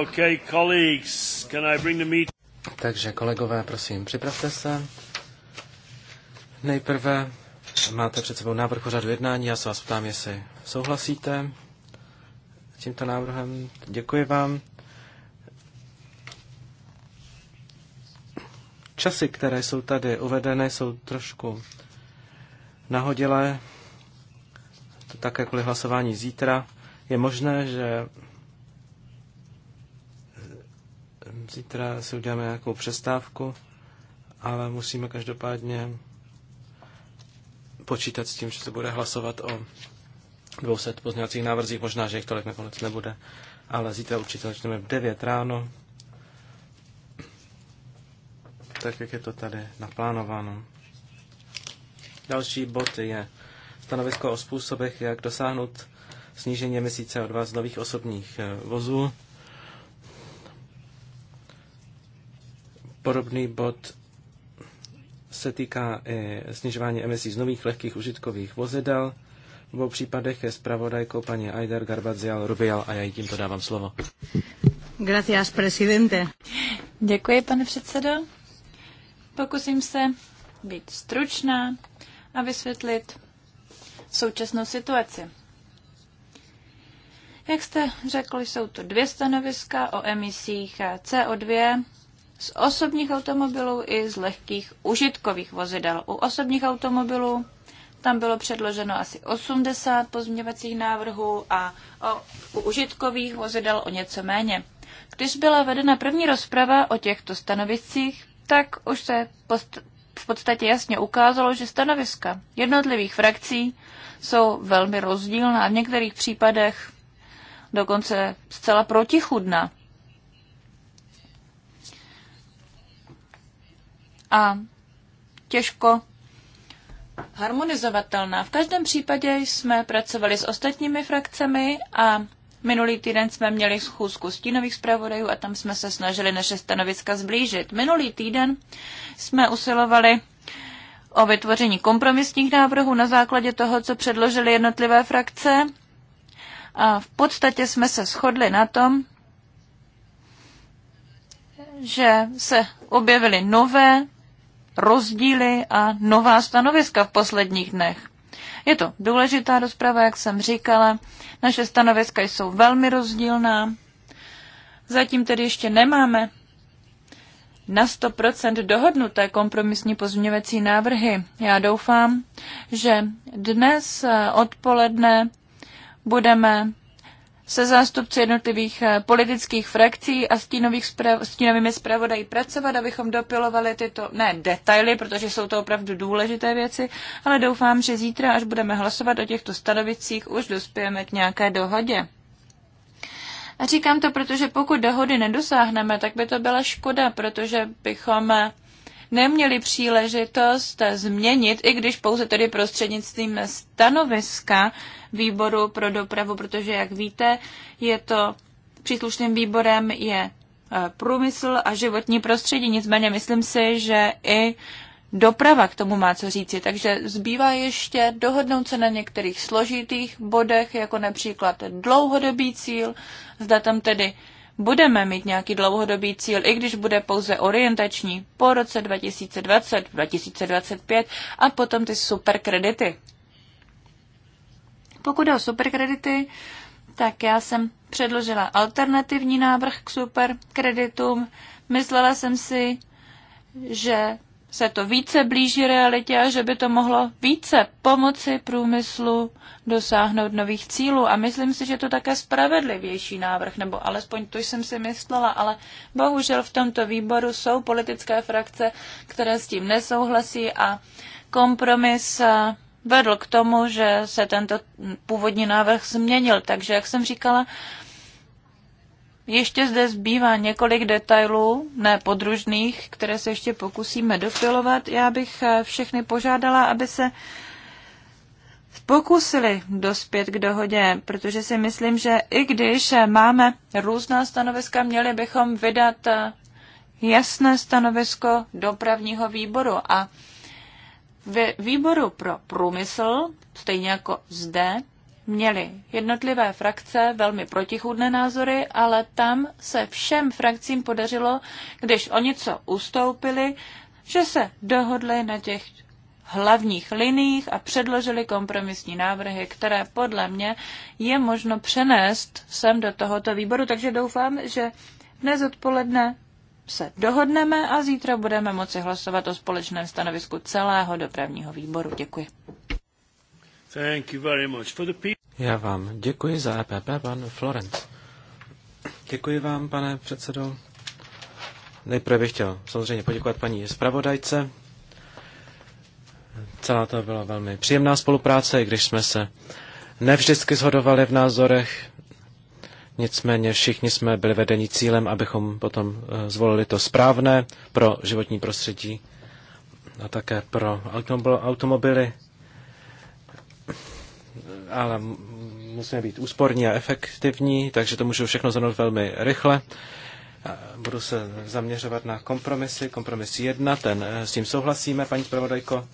Okay, colleagues, can I bring the meet... Takže kolegové, prosím, připravte se. Nejprve máte před sebou návrh pořadu jednání, já se vás ptám, jestli souhlasíte s tímto návrhem. Děkuji vám. Časy, které jsou tady uvedeny, jsou trošku nahodilé také kvůli hlasování zítra. Je možné, že zítra si uděláme nějakou přestávku, ale musíme každopádně počítat s tím, že se bude hlasovat o 200 pozměňovacích návrzích, možná, že jich tolik nakonec nebude, ale zítra určitě začneme v 9 ráno, tak jak je to tady naplánováno. Další bod je stanovisko o způsobech, jak dosáhnout snížení emisí CO2 z nových osobních eh, vozů. Podobný bod se týká i snižování emisí z nových lehkých užitkových vozidel. V obou případech je zpravodajkou paní Aider Garbazial Rubial a já jí tímto dávám slovo. Gracias, presidente. Děkuji, pane předsedo. Pokusím se být stručná a vysvětlit současnou situaci. Jak jste řekl, jsou to dvě stanoviska o emisích CO2 z osobních automobilů i z lehkých užitkových vozidel. U osobních automobilů tam bylo předloženo asi 80 pozměňovacích návrhů a o, u užitkových vozidel o něco méně. Když byla vedena první rozprava o těchto stanoviscích, tak už se v podstatě jasně ukázalo, že stanoviska jednotlivých frakcí jsou velmi rozdílná a v některých případech dokonce zcela protichudná. A těžko harmonizovatelná. V každém případě jsme pracovali s ostatními frakcemi a Minulý týden jsme měli schůzku stínových zpravodajů a tam jsme se snažili naše stanoviska zblížit. Minulý týden jsme usilovali o vytvoření kompromisních návrhů na základě toho, co předložili jednotlivé frakce. A v podstatě jsme se shodli na tom, že se objevily nové rozdíly a nová stanoviska v posledních dnech. Je to důležitá rozprava, jak jsem říkala. Naše stanoviska jsou velmi rozdílná. Zatím tedy ještě nemáme na 100% dohodnuté kompromisní pozměňovací návrhy. Já doufám, že dnes odpoledne budeme se zástupci jednotlivých eh, politických frakcí a stínových sprav, stínovými zpravodají pracovat, abychom dopilovali tyto, ne detaily, protože jsou to opravdu důležité věci, ale doufám, že zítra, až budeme hlasovat o těchto stanovicích, už dospějeme k nějaké dohodě. A říkám to, protože pokud dohody nedosáhneme, tak by to byla škoda, protože bychom eh, neměli příležitost změnit, i když pouze tedy prostřednictvím stanoviska výboru pro dopravu, protože, jak víte, je to příslušným výborem je e, průmysl a životní prostředí. Nicméně myslím si, že i doprava k tomu má co říci. Takže zbývá ještě dohodnout se na některých složitých bodech, jako například dlouhodobý cíl, zda tam tedy budeme mít nějaký dlouhodobý cíl, i když bude pouze orientační po roce 2020, 2025 a potom ty superkredity. Pokud jde o superkredity, tak já jsem předložila alternativní návrh k superkreditům. Myslela jsem si, že se to více blíží realitě a že by to mohlo více pomoci průmyslu dosáhnout nových cílů. A myslím si, že to také spravedlivější návrh, nebo alespoň to jsem si myslela, ale bohužel v tomto výboru jsou politické frakce, které s tím nesouhlasí a kompromis eh, vedl k tomu, že se tento původní návrh změnil. Takže, jak jsem říkala, ještě zde zbývá několik detailů, ne podružných, které se ještě pokusíme dofilovat. Já bych eh, všechny požádala, aby se pokusili dospět k dohodě, protože si myslím, že i když eh, máme různá stanoviska, měli bychom vydat eh, jasné stanovisko dopravního výboru. A ve výboru pro průmysl, stejně jako zde, měly jednotlivé frakce velmi protichůdné názory, ale tam se všem frakcím podařilo, když o něco ustoupili, že se dohodli na těch hlavních liních a předložili kompromisní návrhy, které podle mě je možno přenést sem do tohoto výboru. Takže doufám, že dnes odpoledne se dohodneme a zítra budeme moci hlasovat o společném stanovisku celého dopravního výboru. Děkuji. Thank you very much for the já vám děkuji za EPP, pan Florenc. Děkuji vám, pane předsedo. Nejprve bych chtěl samozřejmě poděkovat paní zpravodajce. Celá to byla velmi příjemná spolupráce, i když jsme se nevždycky shodovali v názorech. Nicméně všichni jsme byli vedeni cílem, abychom potom eh, zvolili to správné pro životní prostředí a také pro automobily ale musíme být úsporní a efektivní, takže to můžu všechno zhrnout velmi rychle. Budu se zaměřovat na kompromisy. Kompromis 1, ten, eh, s tím souhlasíme, paní zpravodajko.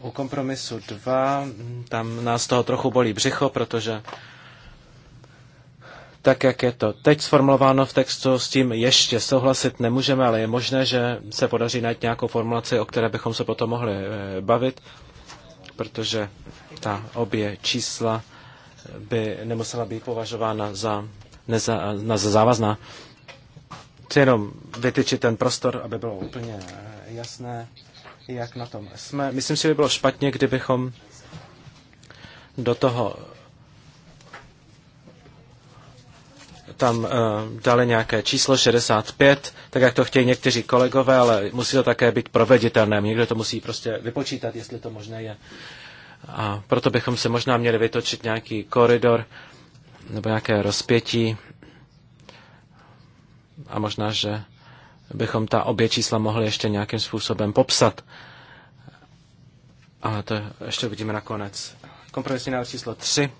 U kompromisu 2, mm, tam nás toho trochu bolí břicho, protože tak, jak je to teď sformulováno v textu, s tím ještě souhlasit nemůžeme, ale je možné, že se podaří najít nějakou formulaci, o které bychom se potom mohli eh, bavit protože ta obě čísla by nemusela být považována za, neza, na, za závazná. Chci jenom vytyčit ten prostor, aby bylo úplně jasné, jak na tom jsme. Myslím si, by bylo špatně, kdybychom do toho tam eh, dali nějaké číslo 65, tak jak to chtějí někteří kolegové, ale musí to také být proveditelné. Někdo to musí prostě vypočítat, jestli to možné je. A proto bychom se možná měli vytočit nějaký koridor nebo nějaké rozpětí. A možná, že bychom ta obě čísla mohli ještě nějakým způsobem popsat. Ale to ještě uvidíme nakonec. Kompromisní návrh číslo 3.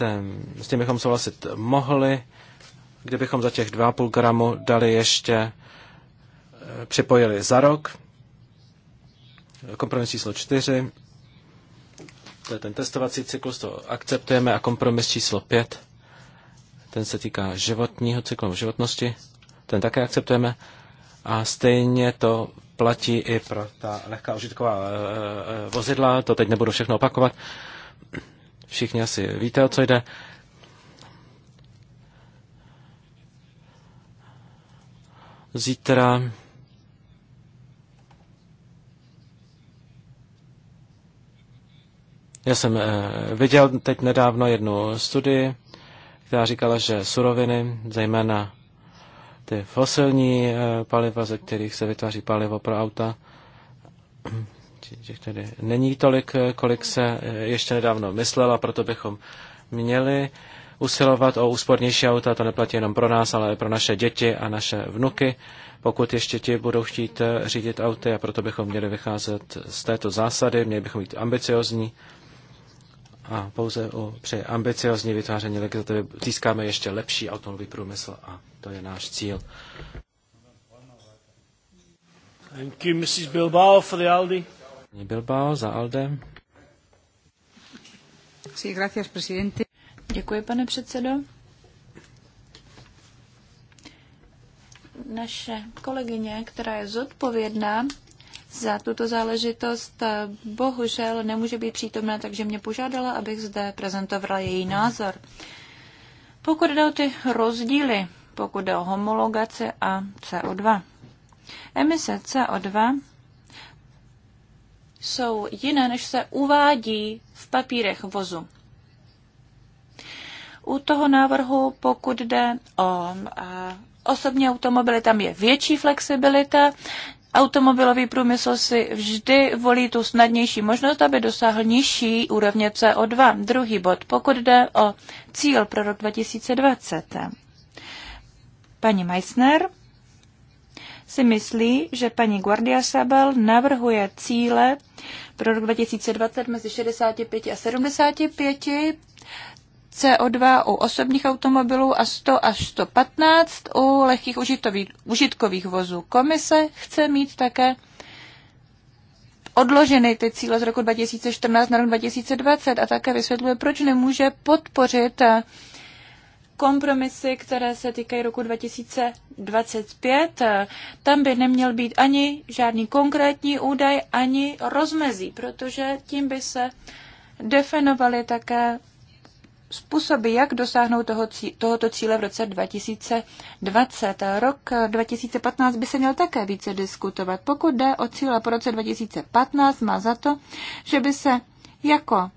Ehm, s tím bychom souhlasit mohli, kdybychom za těch 2,5 gramu dali ještě, eh, připojili za rok, kompromis číslo 4, to je ten testovací cyklus, to akceptujeme, a kompromis číslo 5, ten se týká životního cyklu životnosti, ten také akceptujeme. A stejně to platí i pro ta lehká užitková eh, eh, vozidla, to teď nebudu všechno opakovat. Všichni asi víte, o co jde. Zítra Já jsem eh, viděl teď nedávno jednu studii, která říkala, že suroviny, zejména ty fosilní eh, paliva, ze kterých se vytváří palivo pro auta, těch tedy není tolik, eh, kolik se eh, ještě nedávno myslela, proto bychom měli usilovat o úspornější auta, to neplatí jenom pro nás, ale i pro naše děti a naše vnuky, pokud ještě ti budou chtít eh, řídit auty a proto bychom měli vycházet z této zásady, měli bychom být ambiciozní a pouze o, při ambiciozní vytváření legislativy získáme ještě lepší automobilový průmysl a to je náš cíl. Thank you, Mrs. Bilbao for the Aldi. Bilbao za Alde. Sí, gracias, presidente. Děkuji, pane předsedo. Naše kolegyně, která je zodpovědná za tuto záležitost, bohužel nemůže být přítomná, takže mě požádala, abych zde prezentovala její názor. Pokud jde o ty rozdíly, pokud jde o homologaci a CO2. Emise CO2 jsou jiné, než se uvádí v papírech vozu. U toho návrhu, pokud jde o eh, osobní automobily, tam je větší flexibilita. Automobilový průmysl si vždy volí tu snadnější možnost, aby dosáhl nižší úrovně CO2. Druhý bod, pokud jde o cíl pro rok 2020. Paní Meissner si myslí, že paní Guardia Sabel navrhuje cíle pro rok 2020 mezi 65 a 75 CO2 u osobních automobilů a 100 až 115 u lehkých užitkových vozů. Komise chce mít také odloženy ty cíle z roku 2014 na rok 2020 a také vysvětluje, proč nemůže podpořit kompromisy, které se týkají roku 2025, tam by neměl být ani žádný konkrétní údaj, ani rozmezí, protože tím by se definovaly také způsoby, jak dosáhnout toho, tohoto cíle v roce 2020. Rok 2015 by se měl také více diskutovat. Pokud jde o cíle po roce 2015, má za to, že by se jako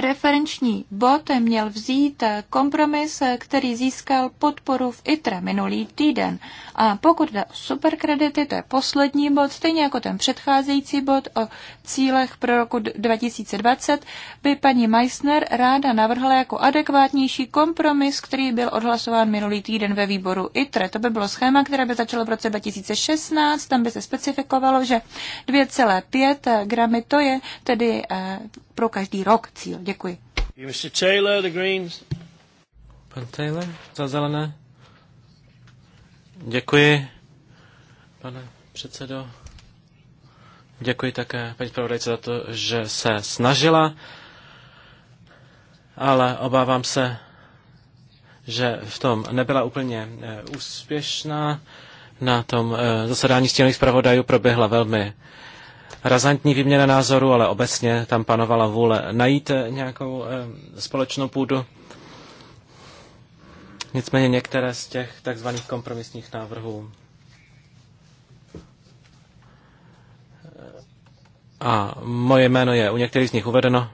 referenční bod měl vzít kompromis, který získal podporu v ITRE minulý týden. A pokud jde o superkredity, to je poslední bod, stejně jako ten předcházející bod o cílech pro roku 2020, by paní Meissner ráda navrhla jako adekvátnější kompromis, který byl odhlasován minulý týden ve výboru ITRE. To by bylo schéma, které by začalo v roce 2016, tam by se specifikovalo, že 2,5 gramy to je tedy eh, pro každý rok cíl. Děkuji. Mr. Taylor, the Greens. Pan Taylor, za zelené. Děkuji, pane předsedo. Děkuji také paní zpravodajce za to, že se snažila, ale obávám se, že v tom nebyla úplně eh, úspěšná. Na tom eh, zasedání stěných zpravodajů proběhla velmi razantní výměna názoru, ale obecně tam panovala vůle najít eh, nějakou eh, společnou půdu. Nicméně některé z těch takzvaných kompromisních návrhů eh, a moje jméno je u některých z nich uvedeno.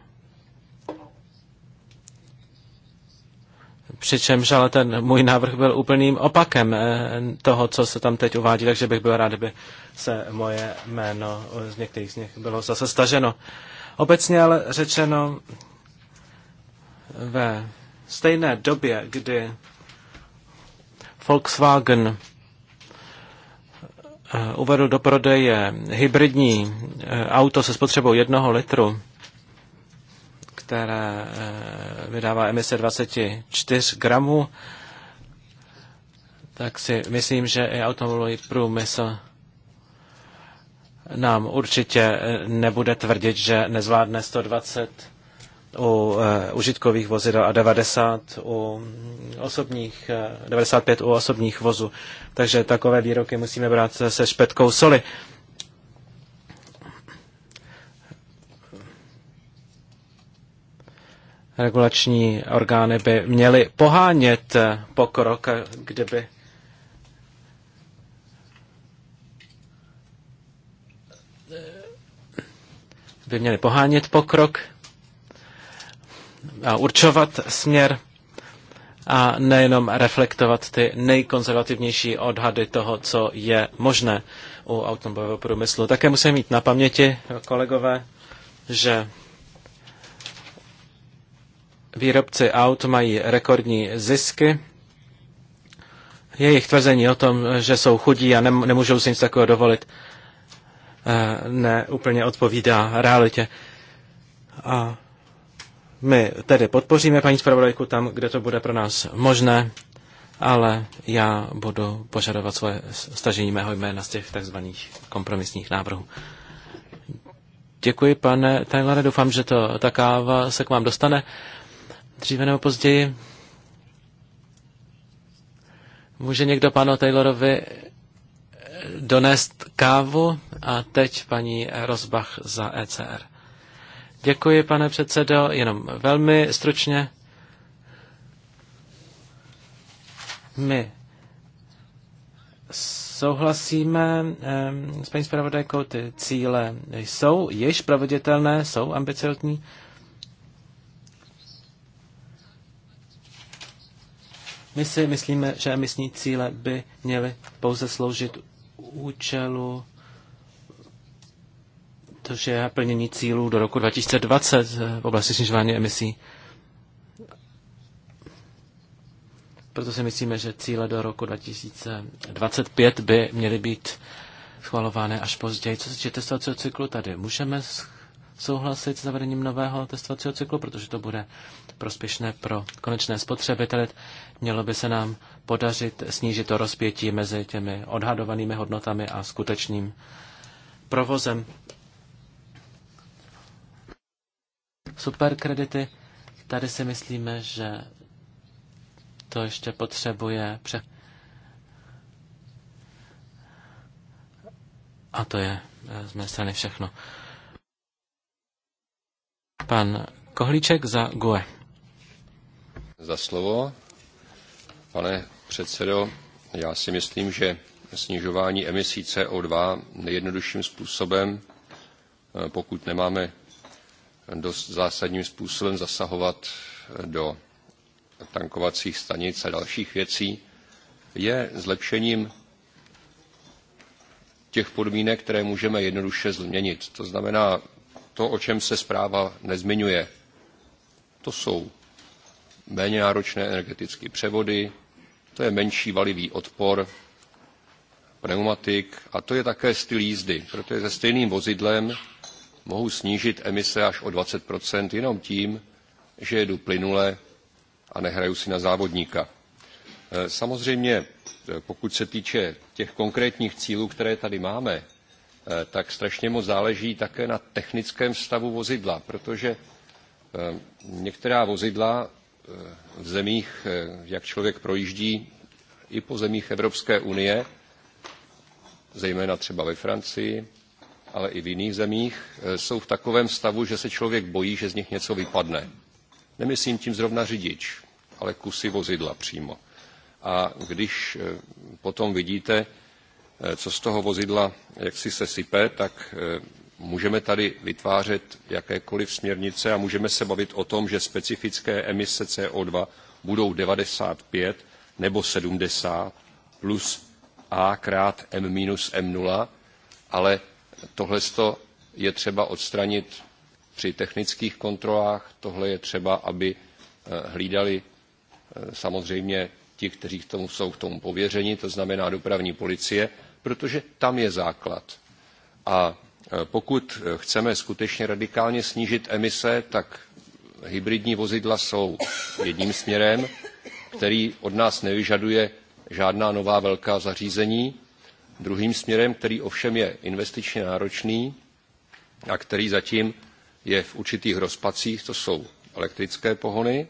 Přičemž ale ten můj návrh byl úplným opakem toho, co se tam teď uvádí, takže bych byl rád, kdyby se moje jméno z některých z nich bylo zase staženo. Obecně ale řečeno, ve stejné době, kdy Volkswagen eh, uvedl do prodeje hybridní eh, auto se spotřebou jednoho litru, které eh, vydává emise 24 gramů, tak si myslím, že i automobilový průmysl nám určitě eh, nebude tvrdit, že nezvládne 120 u eh, užitkových vozidel a 90 u osobních, 95 eh, u osobních vozů. Takže takové výroky musíme brát se špetkou soli. Regulační orgány by měly pohánět pokrok, kdyby by měli pohánět pokrok a určovat směr a nejenom reflektovat ty nejkonzervativnější odhady toho, co je možné u automobilového průmyslu. Také musíme mít na paměti, kolegové, že výrobci aut mají rekordní zisky. Jejich tvrzení o tom, že jsou chudí a nemůžou si nic takového dovolit, Eh, neúplně odpovídá realitě. A my tedy podpoříme paní zpravodajku tam, kde to bude pro nás možné, ale já budu požadovat svoje stažení mého jména z těch takzvaných kompromisních návrhů. Děkuji, pane Tajlare, doufám, že to ta káva se k vám dostane dříve nebo později. Může někdo panu Taylorovi donést kávu a teď paní Rozbach za ECR. Děkuji, pane předsedo, jenom velmi stručně. My souhlasíme s paní zpravodajkou, ty cíle jsou již proveditelné, jsou ambiciozní. My si myslíme, že emisní cíle by měly pouze sloužit účelu, což je plnění cílů do roku 2020 v oblasti snižování emisí. Proto si myslíme, že cíle do roku 2025 by měly být schvalovány až později. Co se týče testovacího cyklu, tady můžeme souhlasit s zavedením nového testovacího cyklu, protože to bude prospěšné pro konečné spotřebitele. Mělo by se nám podařit snížit to rozpětí mezi těmi odhadovanými hodnotami a skutečným provozem. Superkredity, tady si myslíme, že to ještě potřebuje pře... A to je eh, z mé strany všechno. Pan Kohlíček za GUE. Za slovo. Pane předsedo. Já si myslím, že snižování emisí CO2 nejjednodušším způsobem, eh, pokud nemáme dost zásadním způsobem zasahovat do tankovacích stanic a dalších věcí, je zlepšením těch podmínek, které můžeme jednoduše změnit. To znamená, to, o čem se zpráva nezmiňuje, to jsou méně náročné energetické převody, to je menší valivý odpor pneumatik a to je také styl jízdy, protože se stejným vozidlem mohu snížit emise až o 20 jenom tím, že jedu plynule a nehraju si na závodníka. Eh, samozřejmě, eh, pokud se týče těch konkrétních cílů, které tady máme, eh, tak strašně moc záleží také na technickém stavu vozidla, protože některá vozidla v zemích, eh, jak člověk projíždí, i po zemích Evropské unie, zejména třeba ve Francii, ale i v jiných zemích, eh, jsou v takovém stavu, že se člověk bojí, že z nich něco vypadne. Nemyslím tím zrovna řidič, ale kusy vozidla přímo. A když eh, potom vidíte, co z toho vozidla jaksi se sype, tak Můžeme tady vytvářet jakékoliv směrnice a můžeme se bavit o tom, že specifické emise CO2 budou 95 nebo 70 plus A krát M minus M0, ale tohle je třeba odstranit při technických kontrolách, tohle je třeba, aby eh, hlídali eh, samozřejmě ti, kteří k tomu jsou k tomu pověřeni, to znamená dopravní policie, protože tam je základ. A Eh, pokud eh, chceme skutečně radikálně snížit emise, tak hybridní vozidla jsou jedním směrem, který od nás nevyžaduje žádná nová velká zařízení. Druhým směrem, který ovšem je investičně náročný a který zatím je v určitých rozpacích, to jsou elektrické pohony.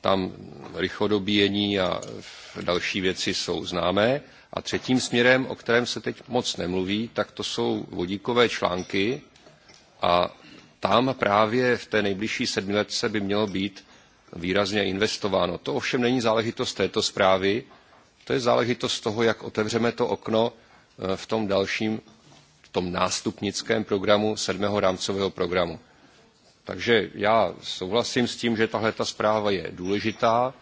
Tam rychlodobíjení a další věci jsou známé. A třetím směrem, o kterém se teď moc nemluví, tak to jsou vodíkové články a tam právě v té nejbližší sedmiletce by mělo být výrazně investováno. To ovšem není záležitost této zprávy, to je záležitost toho, jak otevřeme to okno eh, v tom dalším, v tom nástupnickém programu sedmého rámcového programu. Takže já souhlasím s tím, že tahle ta zpráva je důležitá,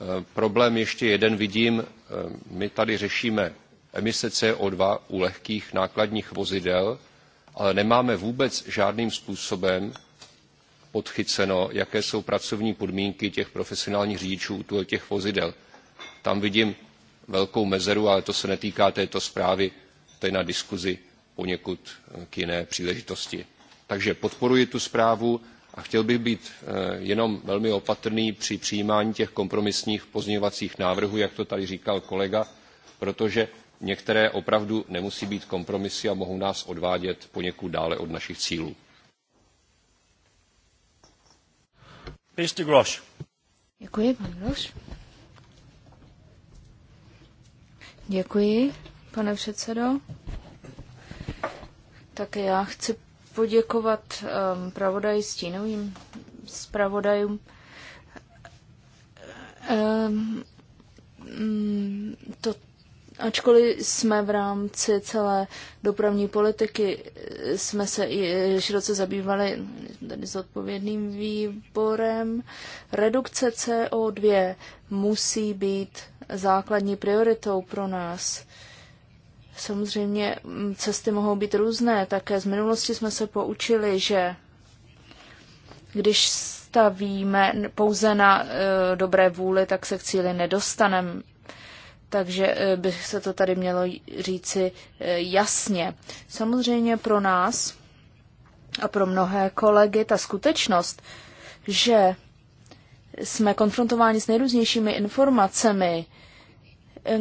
Eh, problém ještě jeden vidím. Eh, my tady řešíme emise CO2 u lehkých nákladních vozidel, ale nemáme vůbec žádným způsobem podchyceno, jaké jsou pracovní podmínky těch profesionálních řidičů u těch vozidel. Tam vidím velkou mezeru, ale to se netýká této zprávy, to je na diskuzi poněkud eh, k jiné příležitosti. Takže podporuji tu zprávu, a chtěl bych být eh, jenom velmi opatrný při přijímání těch kompromisních pozměňovacích návrhů, jak to tady říkal kolega, protože některé opravdu nemusí být kompromisy a mohou nás odvádět poněkud dále od našich cílů. Mr. Grosch. Děkuji, pan Grosch. Děkuji, pane předsedo. Tak já chci poděkovat um, ehm, pravodaji stínovým zpravodajům. Um, to, ačkoliv jsme v rámci celé dopravní politiky, jsme se i eh, široce zabývali tady s odpovědným výborem, redukce CO2 musí být základní prioritou pro nás. Uh, Samozřejmě mm, cesty mohou být různé. Také z minulosti jsme se poučili, že když stavíme pouze na e, dobré vůli, tak se k cíli nedostaneme. Takže e, by se to tady mělo říci e, jasně. Samozřejmě pro nás a pro mnohé kolegy ta skutečnost, že jsme konfrontováni s nejrůznějšími informacemi,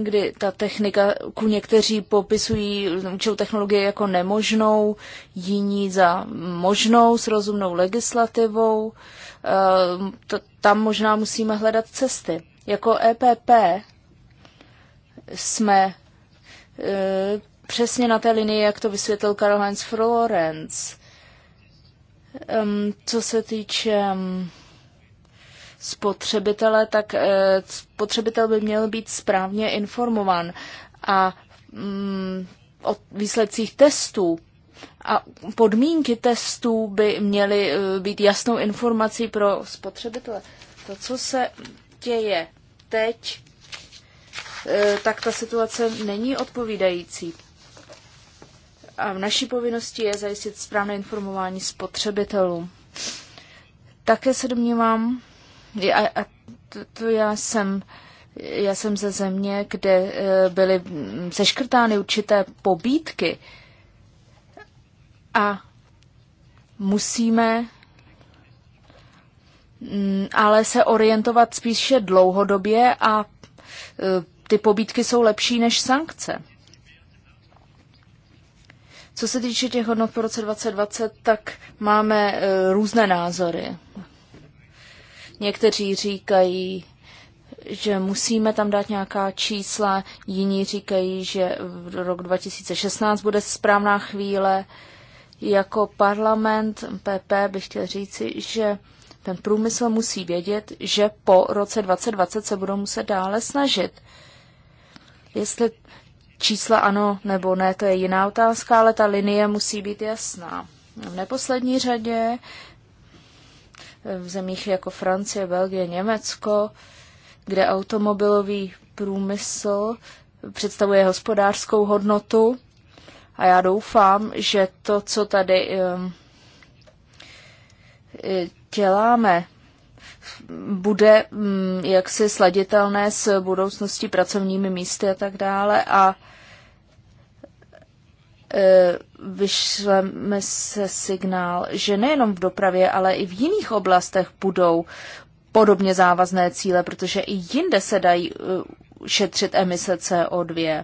kdy ta technika, ku někteří popisují určitou technologii jako nemožnou, jiní za možnou s rozumnou legislativou. Eh, to, tam možná musíme hledat cesty. Jako EPP jsme eh, přesně na té linii, jak to vysvětlil Karl Heinz Florenz. Co se týče spotřebitele, tak eh, spotřebitel by měl být správně informován a mm, o výsledcích testů a podmínky testů by měly eh, být jasnou informací pro spotřebitele. To, co se děje teď, eh, tak ta situace není odpovídající. A v naší povinnosti je zajistit správné informování spotřebitelů. Také se domnívám, a, a to, to já jsem já jsem ze země, kde eh, byly mm, seškrtány určité pobídky a musíme mm, ale se orientovat spíše dlouhodobě a eh, ty pobídky jsou lepší než sankce. Co se týče těch hodnot po roce 2020, tak máme eh, různé názory. Někteří říkají, že musíme tam dát nějaká čísla, jiní říkají, že v rok 2016 bude správná chvíle. Jako parlament PP bych chtěl říci, že ten průmysl musí vědět, že po roce 2020 se budou muset dále snažit. Jestli čísla ano nebo ne, to je jiná otázka, ale ta linie musí být jasná. V neposlední řadě v zemích jako Francie, Belgie, Německo, kde automobilový průmysl představuje hospodářskou hodnotu. A já doufám, že to, co tady um, e, děláme, bude mm, jaksi sladitelné s budoucností pracovními místy a tak dále. A E, vyšleme se signál, že nejenom v dopravě, ale i v jiných oblastech budou podobně závazné cíle, protože i jinde se dají e, šetřit emise CO2.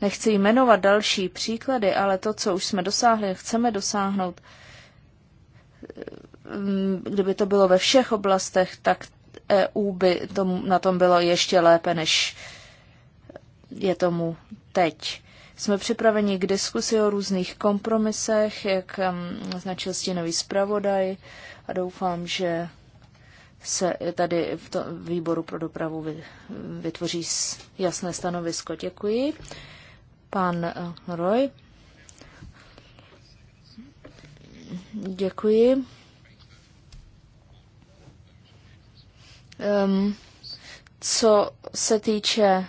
Nechci jmenovat další příklady, ale to, co už jsme dosáhli, chceme dosáhnout, e, kdyby to bylo ve všech oblastech, tak EU by tom, na tom bylo ještě lépe, než je tomu teď. Jsme připraveni k diskusi o různých kompromisech, jak značil stínový zpravodaj a doufám, že se tady v to, výboru pro dopravu vytvoří jasné stanovisko. Děkuji. Pan eh, Roy. Děkuji. Um, co se týče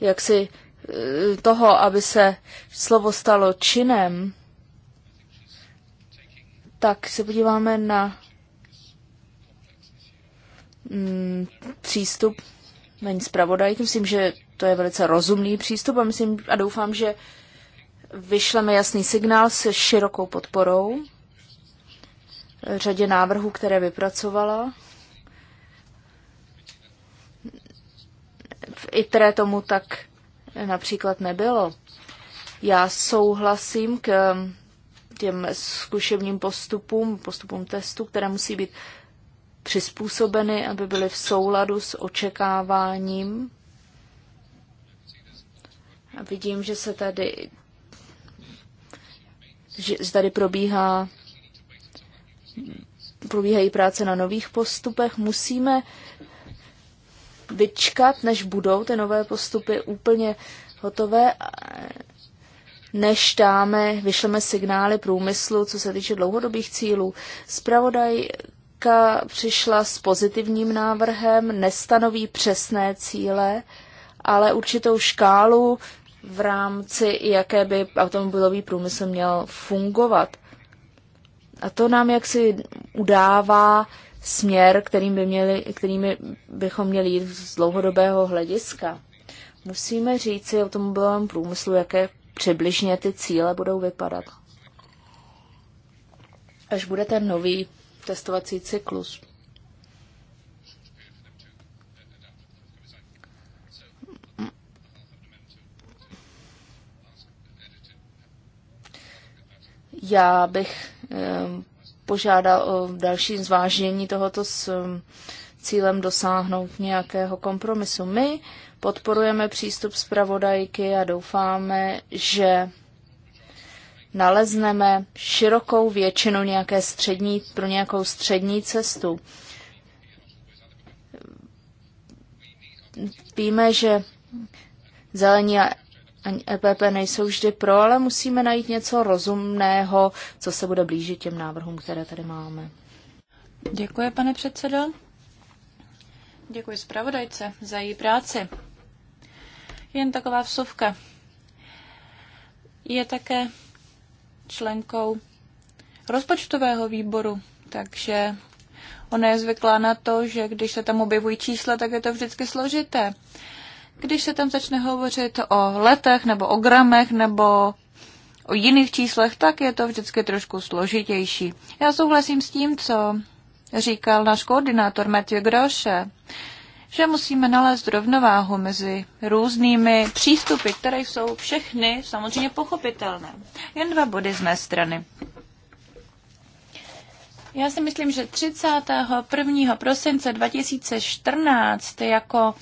jaksi Eh, toho, aby se slovo stalo činem, tak se podíváme na mm, přístup není zpravodaj. Myslím, že to je velice rozumný přístup a, myslím, a doufám, že vyšleme jasný signál se širokou podporou řadě návrhů, které vypracovala. I které tomu tak například nebylo. Já souhlasím k um, těm zkušebním postupům, postupům testu, které musí být přizpůsobeny, aby byly v souladu s očekáváním. A vidím, že se tady, že tady probíhá probíhají práce na nových postupech. Musíme vyčkat, než budou ty nové postupy úplně hotové, než dáme, vyšleme signály průmyslu, co se týče dlouhodobých cílů. Spravodajka přišla s pozitivním návrhem, nestanoví přesné cíle, ale určitou škálu v rámci, jaké by automobilový průmysl měl fungovat. A to nám jaksi udává směr, kterým, by měli, kterými bychom měli jít z dlouhodobého hlediska. Musíme říct si automobilovém průmyslu, jaké přibližně ty cíle budou vypadat. Až bude ten nový testovací cyklus. Já bych eh, požádal o další zvážení tohoto s um, cílem dosáhnout nějakého kompromisu. My podporujeme přístup zpravodajky a doufáme, že nalezneme širokou většinu nějaké střední, pro nějakou střední cestu. Víme, že zelení a ani EPP nejsou vždy pro, ale musíme najít něco rozumného, co se bude blížit těm návrhům, které tady máme. Děkuji, pane předsedo. Děkuji zpravodajce za její práci. Jen taková vsuvka. Je také členkou rozpočtového výboru, takže ona je zvyklá na to, že když se tam objevují čísla, tak je to vždycky složité když se tam začne hovořit o letech nebo o gramech nebo o jiných číslech, tak je to vždycky trošku složitější. Já souhlasím s tím, co říkal náš koordinátor Matthew Groše, že musíme nalézt rovnováhu mezi různými přístupy, které jsou všechny samozřejmě pochopitelné. Jen dva body z mé strany. Já si myslím, že 31. prosince 2014 jako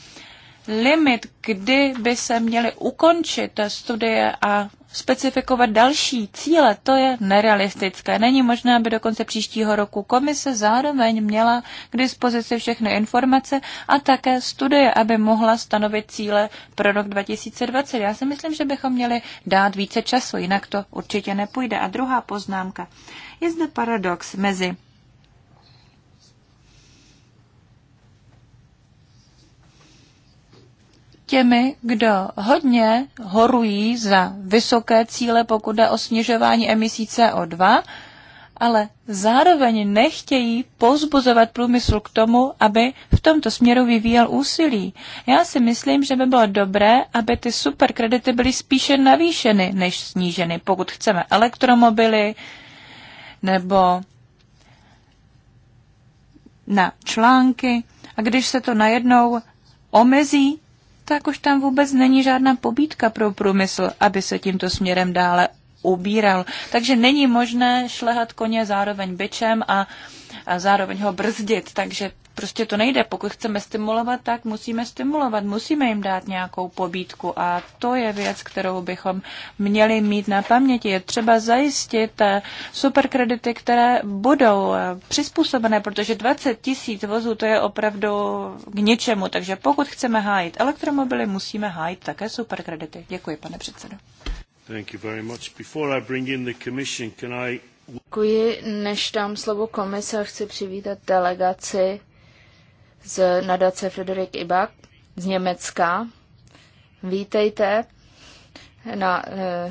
limit, kdy by se měly ukončit studie a specifikovat další cíle, to je nerealistické. Není možné, aby do konce příštího roku komise zároveň měla k dispozici všechny informace a také studie, aby mohla stanovit cíle pro rok 2020. Já si myslím, že bychom měli dát více času, jinak to určitě nepůjde. A druhá poznámka. Je zde paradox mezi těmi, kdo hodně horují za vysoké cíle, pokud jde o snižování emisí CO2, ale zároveň nechtějí pozbuzovat průmysl k tomu, aby v tomto směru vyvíjel úsilí. Já si myslím, že by bylo dobré, aby ty superkredity byly spíše navýšeny než sníženy, pokud chceme elektromobily nebo na články. A když se to najednou omezí, tak už tam vůbec není žádná pobídka pro průmysl, aby se tímto směrem dále ubíral. Takže není možné šlehat koně zároveň byčem a, a zároveň ho brzdit. Takže Prostě to nejde. Pokud chceme stimulovat, tak musíme stimulovat, musíme jim dát nějakou pobídku a to je věc, kterou bychom měli mít na paměti. Je třeba zajistit eh, superkredity, které budou eh, přizpůsobené, protože 20 tisíc vozů to je opravdu k ničemu, takže pokud chceme hájit elektromobily, musíme hájit také superkredity. Děkuji, pane předsedo. Děkuji, než dám slovo komise, chci přivítat delegaci z nadace Frederik Ibak z Německa. Vítejte na e,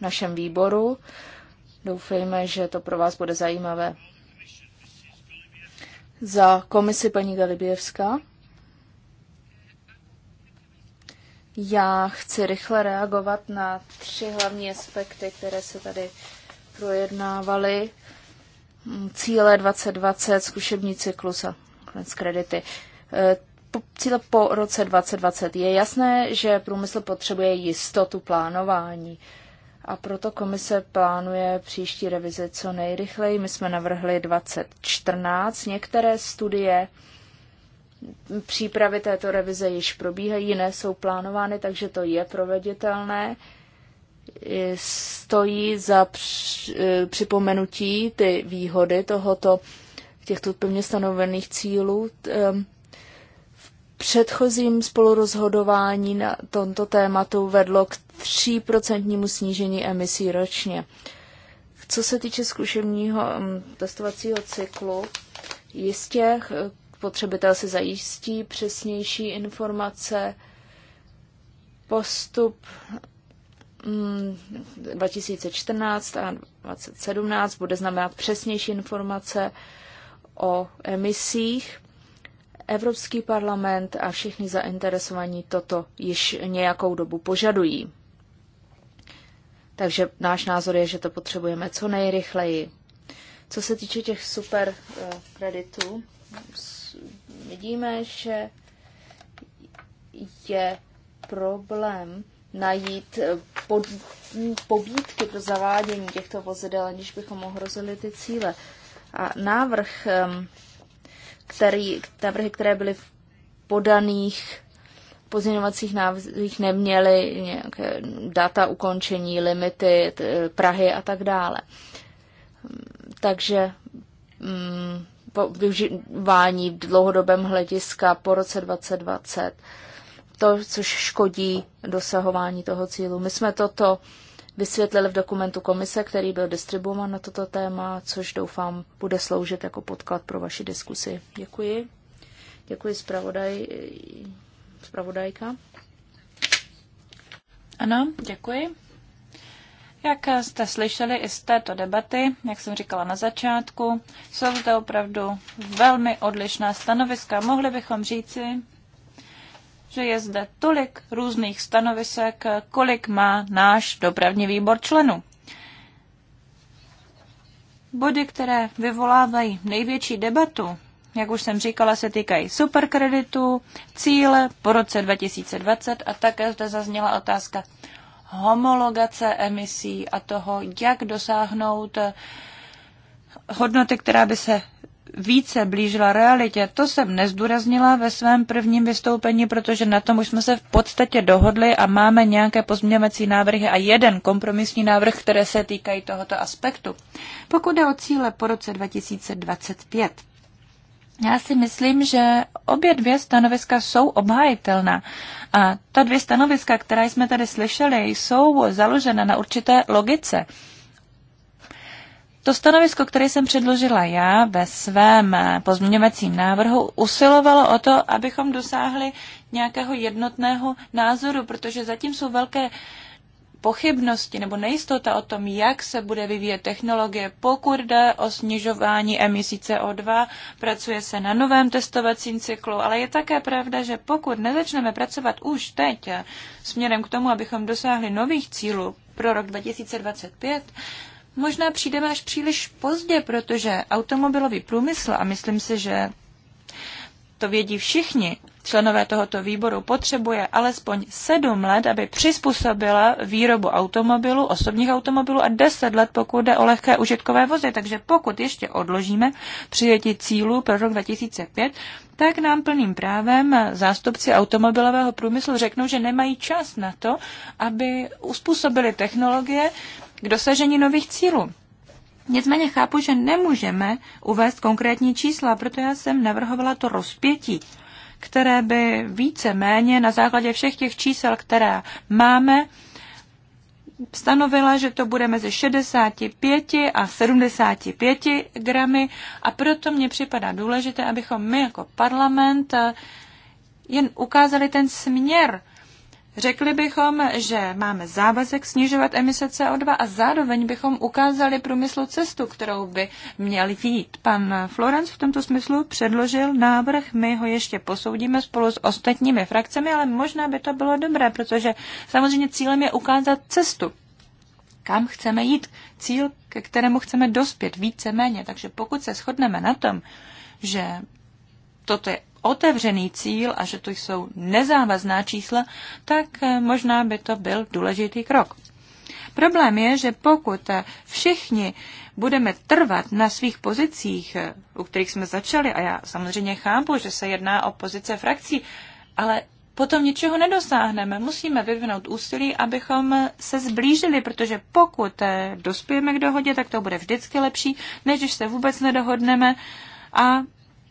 našem výboru. Doufejme, že to pro vás bude zajímavé. Za komisi paní Galibievská. Já chci rychle reagovat na tři hlavní aspekty, které se tady projednávaly. Cíle 2020, zkušební cyklus a nakonec kredity. Eh, cíle po roce 2020 je jasné, že průmysl potřebuje jistotu plánování. A proto komise plánuje příští revize co nejrychleji. My jsme navrhli 2014. Některé studie přípravy této revize již probíhají, jiné jsou plánovány, takže to je proveditelné stojí za eh, připomenutí ty výhody tohoto těchto pevně stanovených cílů. V předchozím spolurozhodování na tomto tématu vedlo k 3% snížení emisí ročně. Co se týče zkušebního testovacího cyklu, jistě potřebitel si zajistí přesnější informace. Postup 2014 mm, a 2017 bude znamenat přesnější informace o emisích. Evropský parlament a všichni zainteresovaní toto již nějakou dobu požadují. Takže náš názor je, že to potřebujeme co nejrychleji. Co se týče těch super eh, kreditů, vidíme, že je problém najít eh, pobídky pro zavádění těchto vozidel, aniž bychom ohrozili ty cíle. A návrh, který, návrhy, které byly v podaných pozměňovacích návrzích neměly nějaké data ukončení, limity, Prahy a tak dále. Takže mm, po využívání v dlouhodobém hlediska po roce 2020, to, což škodí dosahování toho cílu. My jsme toto vysvětlili v dokumentu komise, který byl distribuován na toto téma, což doufám bude sloužit jako podklad pro vaši diskusi. Děkuji. Děkuji zpravodaj, zpravodajka. Ano, děkuji. Jak jste slyšeli i z této debaty, jak jsem říkala na začátku, jsou zde opravdu velmi odlišná stanoviska. Mohli bychom říci, že je zde tolik různých stanovisek, kolik má náš dopravní výbor členů. Body, které vyvolávají největší debatu, jak už jsem říkala, se týkají superkreditu, cíle po roce 2020 a také zde zazněla otázka homologace emisí a toho, jak dosáhnout hodnoty, která by se více blížila realitě, to jsem nezdůraznila ve svém prvním vystoupení, protože na tom už jsme se v podstatě dohodli a máme nějaké pozměňovací návrhy a jeden kompromisní návrh, které se týkají tohoto aspektu. Pokud je o cíle po roce 2025, já si myslím, že obě dvě stanoviska jsou obhájitelná. A ta dvě stanoviska, která jsme tady slyšeli, jsou založena na určité logice. To stanovisko, které jsem předložila já ve svém eh, pozměňovacím návrhu, usilovalo o to, abychom dosáhli nějakého jednotného názoru, protože zatím jsou velké pochybnosti nebo nejistota o tom, jak se bude vyvíjet technologie, pokud jde o snižování emisí CO2, pracuje se na novém testovacím cyklu, ale je také pravda, že pokud nezačneme pracovat už teď eh, směrem k tomu, abychom dosáhli nových cílů pro rok 2025, Možná přijdeme až příliš pozdě, protože automobilový průmysl, a myslím si, že to vědí všichni, členové tohoto výboru, potřebuje alespoň sedm let, aby přizpůsobila výrobu automobilů, osobních automobilů a deset let, pokud jde o lehké užitkové vozy. Takže pokud ještě odložíme přijetí cílů pro rok 2005, tak nám plným právem zástupci automobilového průmyslu řeknou, že nemají čas na to, aby uspůsobili technologie k dosažení nových cílů. Nicméně chápu, že nemůžeme uvést konkrétní čísla, proto já jsem navrhovala to rozpětí, které by více méně na základě všech těch čísel, která máme, stanovila, že to bude mezi 65 a 75 gramy a proto mně připadá důležité, abychom my jako parlament eh, jen ukázali ten směr, Řekli bychom, že máme závazek snižovat emise CO2 a zároveň bychom ukázali průmyslu cestu, kterou by měl jít. Pan Florenc v tomto smyslu předložil návrh, my ho ještě posoudíme spolu s ostatními frakcemi, ale možná by to bylo dobré, protože samozřejmě cílem je ukázat cestu, kam chceme jít, cíl, ke kterému chceme dospět více méně. Takže pokud se shodneme na tom, že toto je otevřený cíl a že to jsou nezávazná čísla, tak eh, možná by to byl důležitý krok. Problém je, že pokud eh, všichni budeme trvat na svých pozicích, eh, u kterých jsme začali, a já samozřejmě chápu, že se jedná o pozice frakcí, ale potom ničeho nedosáhneme. Musíme vyvinout úsilí, abychom se zblížili, protože pokud dospějeme k dohodě, tak to bude vždycky lepší, než když se vůbec nedohodneme a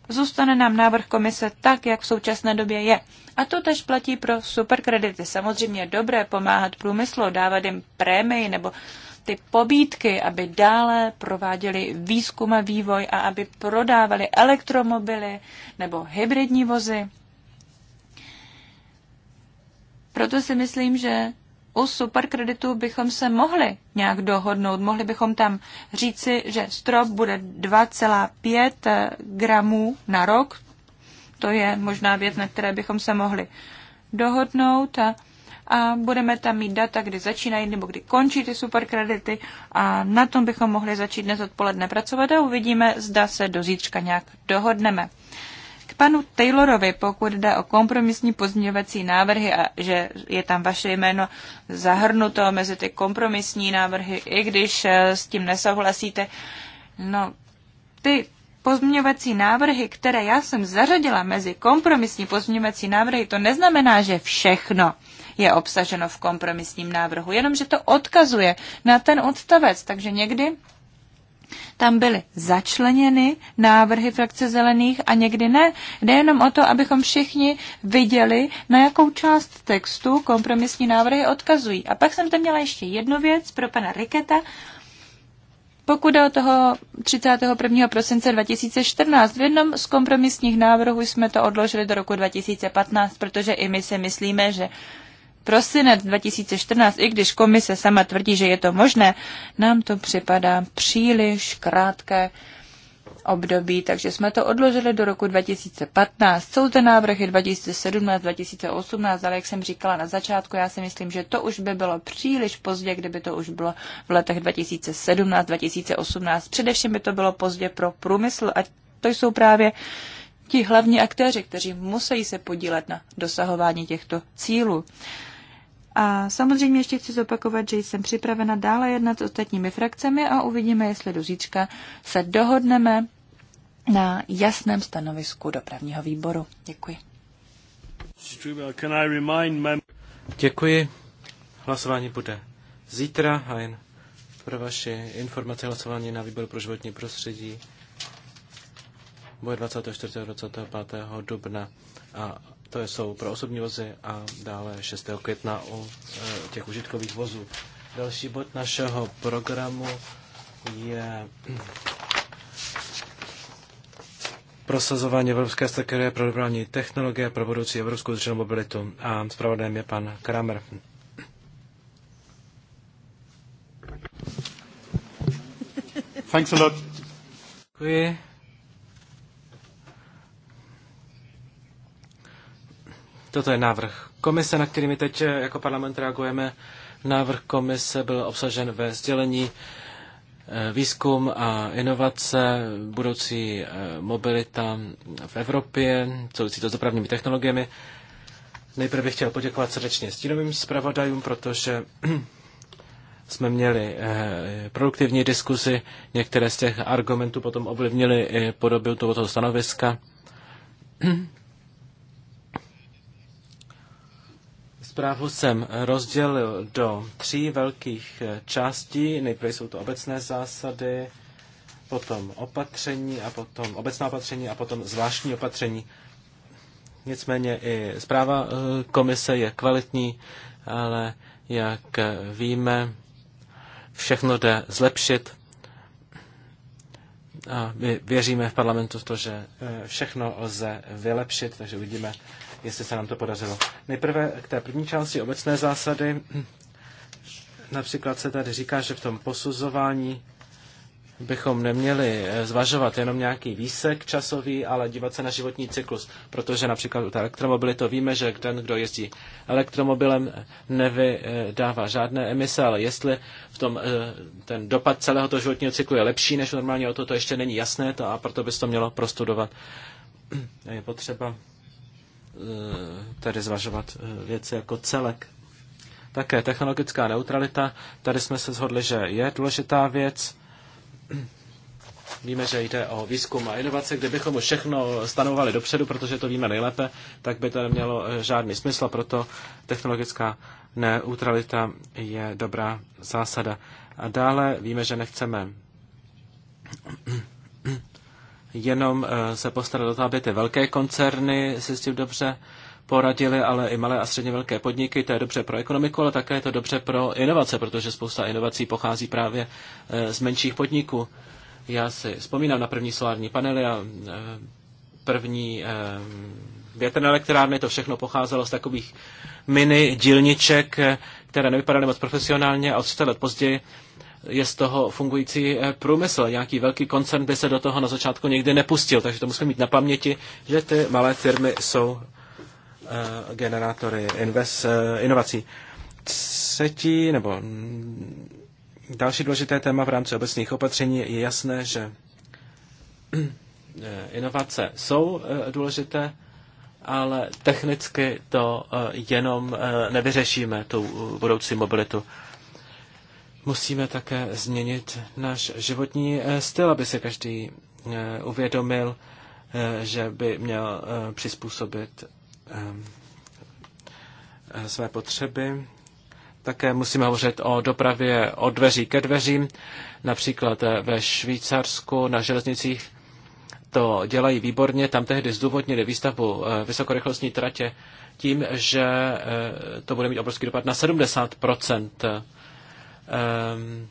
zůstane nám návrh komise tak, jak v současné době je. A to tež platí pro superkredity. Samozřejmě je dobré pomáhat průmyslu, dávat jim prémii nebo ty pobídky, aby dále prováděli výzkum a vývoj a aby prodávali elektromobily nebo hybridní vozy. Proto si myslím, že u superkreditu bychom se mohli nějak dohodnout. Mohli bychom tam říci, že strop bude 2,5 eh, gramů na rok. To je možná věc, na které bychom se mohli dohodnout. A a budeme tam mít data, kdy začínají nebo kdy končí ty superkredity a na tom bychom mohli začít dnes odpoledne pracovat a uvidíme, zda se do zítřka nějak dohodneme panu Taylorovi, pokud jde o kompromisní pozměňovací návrhy a že je tam vaše jméno zahrnuto mezi ty kompromisní návrhy, i když eh, s tím nesouhlasíte. No, ty pozměňovací návrhy, které já jsem zařadila mezi kompromisní pozměňovací návrhy, to neznamená, že všechno je obsaženo v kompromisním návrhu, jenomže to odkazuje na ten odstavec, takže někdy tam byly začleněny návrhy frakce zelených a někdy ne. Jde jenom o to, abychom všichni viděli, na jakou část textu kompromisní návrhy odkazují. A pak jsem tam měla ještě jednu věc pro pana Riketa, pokud jde o toho 31. prosince 2014, v jednom z kompromisních návrhů jsme to odložili do roku 2015, protože i my si myslíme, že prosinec 2014, i když komise sama tvrdí, že je to možné, nám to připadá příliš krátké období, takže jsme to odložili do roku 2015. Jsou to návrhy 2017, 2018, ale jak jsem říkala na začátku, já si myslím, že to už by bylo příliš pozdě, kdyby to už bylo v letech 2017, 2018. Především by to bylo pozdě pro průmysl a to jsou právě ti hlavní aktéři, kteří musí se podílet na dosahování těchto cílů. A samozřejmě ještě chci zopakovat, že jsem připravena dále jednat s ostatními frakcemi a uvidíme, jestli do zítřka se dohodneme na jasném stanovisku dopravního výboru. Děkuji. Děkuji. Hlasování bude zítra a jen pro vaše informace hlasování na výboru pro životní prostředí bude 24. a 25. dubna a to jsou pro osobní vozy a dále 6. května u e, těch užitkových vozů. Další bod našeho programu je prosazování Evropské strategie pro dobrání technologie pro budoucí evropskou zřejmou mobilitu. A zpravodajem je pan Kramer. Thanks a lot. Děkuji. Toto je návrh komise, na který my teď eh, jako parlament reagujeme. Návrh komise byl obsažen ve sdělení eh, výzkum a inovace, budoucí eh, mobilita v Evropě, souvisí to s dopravními technologiemi. Nejprve bych chtěl poděkovat srdečně stínovým zpravodajům, protože jsme měli produktivní diskuzi. Některé z těch argumentů potom ovlivnily i podobu tohoto stanoviska. Zprávu jsem rozdělil do tří velkých eh, částí. Nejprve jsou to obecné zásady, potom opatření a potom obecná opatření a potom zvláštní opatření. Nicméně i zpráva eh, komise je kvalitní, ale jak eh, víme, všechno jde zlepšit. A my věříme v parlamentu v to, že všechno lze vylepšit, takže uvidíme, jestli se nám to podařilo. Nejprve k té první části obecné zásady. Například se tady říká, že v tom posuzování bychom neměli eh, zvažovat jenom nějaký výsek časový, ale dívat se na životní cyklus, protože například u té elektromobily to víme, že ten, kdo jezdí elektromobilem, nevydává žádné emise, ale jestli v tom, eh, ten dopad celého toho životního cyklu je lepší než normálně o to, to ještě není jasné to a proto by to mělo prostudovat. Je potřeba Eh, tedy zvažovat eh, věci jako celek. Také technologická neutralita. Tady jsme se shodli, že je důležitá věc. Víme, že jde o výzkum a inovace. Kdybychom všechno stanovali dopředu, protože to víme nejlépe, tak by to nemělo eh, žádný smysl. Proto technologická neutralita je dobrá zásada. A dále víme, že nechceme jenom eh, se postarat o to, aby ty velké koncerny si s tím dobře poradili, ale i malé a středně velké podniky. To je dobře pro ekonomiku, ale také je to dobře pro inovace, protože spousta inovací pochází právě eh, z menších podniků. Já si vzpomínám na první solární panely a eh, první větrné elektrárny, to všechno pocházelo z takových mini dílniček, které nevypadaly moc profesionálně a od 100 let později je z toho fungující eh, průmysl. Nějaký velký koncern by se do toho na začátku někdy nepustil, takže to musíme mít na paměti, že ty malé firmy jsou eh, generátory invest, eh, inovací. Třetí nebo mm, další důležité téma v rámci obecných opatření je jasné, že inovace jsou důležité, ale technicky to jenom nevyřešíme, tu budoucí mobilitu. Musíme také změnit náš životní eh, styl, aby se každý eh, uvědomil, eh, že by měl přizpůsobit své potřeby. Také musíme hovořit o dopravě od dveří ke dveřím. Například ve Švýcarsku na železnicích to dělají výborně. Tam tehdy zdůvodnili výstavbu vysokorychlostní tratě tím, že to bude mít obrovský dopad na 70 Ehm,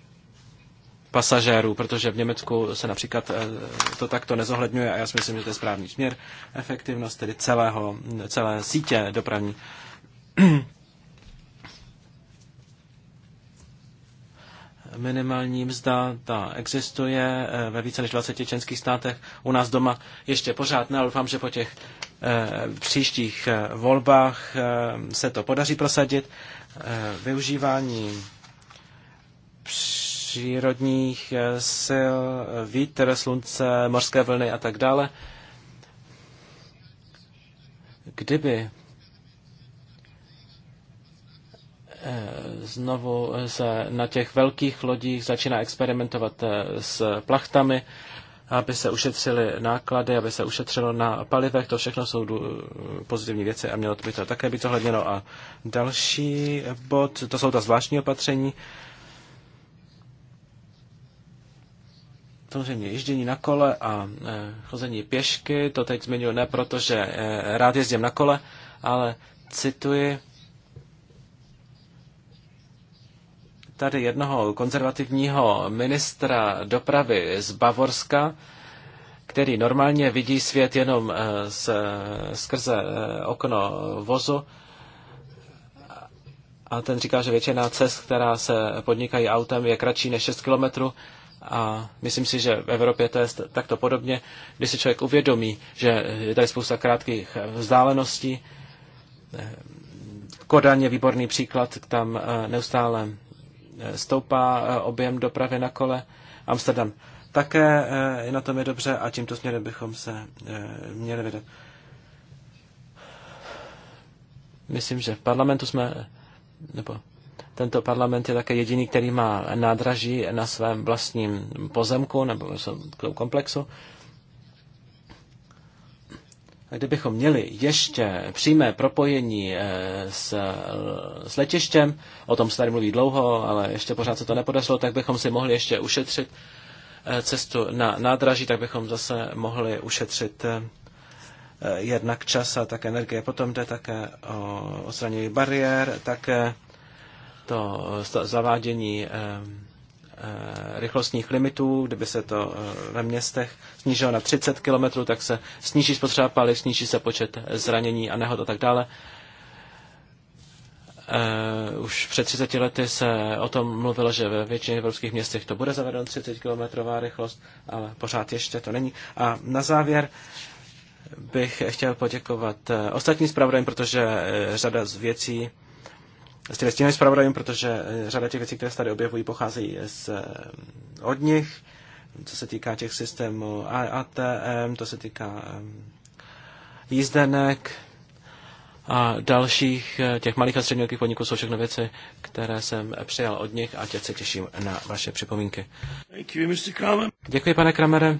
pasažérů, protože v Německu se například eh, to takto nezohledňuje a já si myslím, že to je správný směr. Efektivnost tedy celého, celé sítě dopravní. Minimální mzda, ta existuje eh, ve více než 20 členských státech. U nás doma ještě pořád ne, ale doufám, že po těch eh, příštích volbách se to podaří prosadit. Využívání přírodních eh, sil, vítr, slunce, mořské vlny a tak dále. Kdyby eh, znovu se na těch velkých lodích začíná experimentovat eh, s plachtami, aby se ušetřily náklady, aby se ušetřilo na palivech, to všechno jsou pozitivní věci a mělo by to také být zohledněno. A další bod, to jsou ta zvláštní opatření, samozřejmě ježdění na kole a e, chození pěšky, to teď zmiňuji ne proto, že e, rád jezdím na kole, ale cituji tady jednoho konzervativního ministra dopravy z Bavorska, který normálně vidí svět jenom z, e, skrze okno vozu. A ten říká, že většina cest, která se podnikají autem, je kratší než 6 kilometrů a myslím si, že v Evropě to je takto podobně, když si člověk uvědomí, že je tady spousta krátkých vzdáleností. Eh, Kodan je výborný příklad, tam eh, neustále eh, stoupá objem dopravy na kole. Amsterdam také je na tom je dobře a tímto směrem bychom se měli vydat. Myslím, že v parlamentu jsme, nebo tento parlament je také jediný, který má nádraží na svém vlastním pozemku nebo komplexu. A kdybychom měli ještě přímé propojení eh, s, s letištěm, o tom se tady mluví dlouho, ale ještě pořád se to nepodařilo, tak bychom si mohli ještě ušetřit eh, cestu na nádraží, tak bychom zase mohli ušetřit eh, jednak čas a tak energie. Potom jde také o odstranění bariér, také to zavádění eh, eh, rychlostních limitů, kdyby se to eh, ve městech snížilo na 30 km, tak se sníží spotřeba paliv, sníží se počet zranění a nehod a tak dále. Uh, už před 30 lety se o tom mluvilo, že ve většině evropských městech to bude zavedeno 30 km rychlost, ale pořád ještě to není. A na závěr bych chtěl poděkovat ostatním zpravodajům, protože řada z věcí, s těmi stínovými zpravodajům, protože eh, řada těch věcí, které se tady objevují, pocházejí z, eh, od nich, co se týká těch systémů ATM, to se týká eh, jízdenek a dalších těch malých a středních podniků jsou všechno věci, které jsem přijal od nich a teď se těším na vaše připomínky. Děkuji, pane Kramere.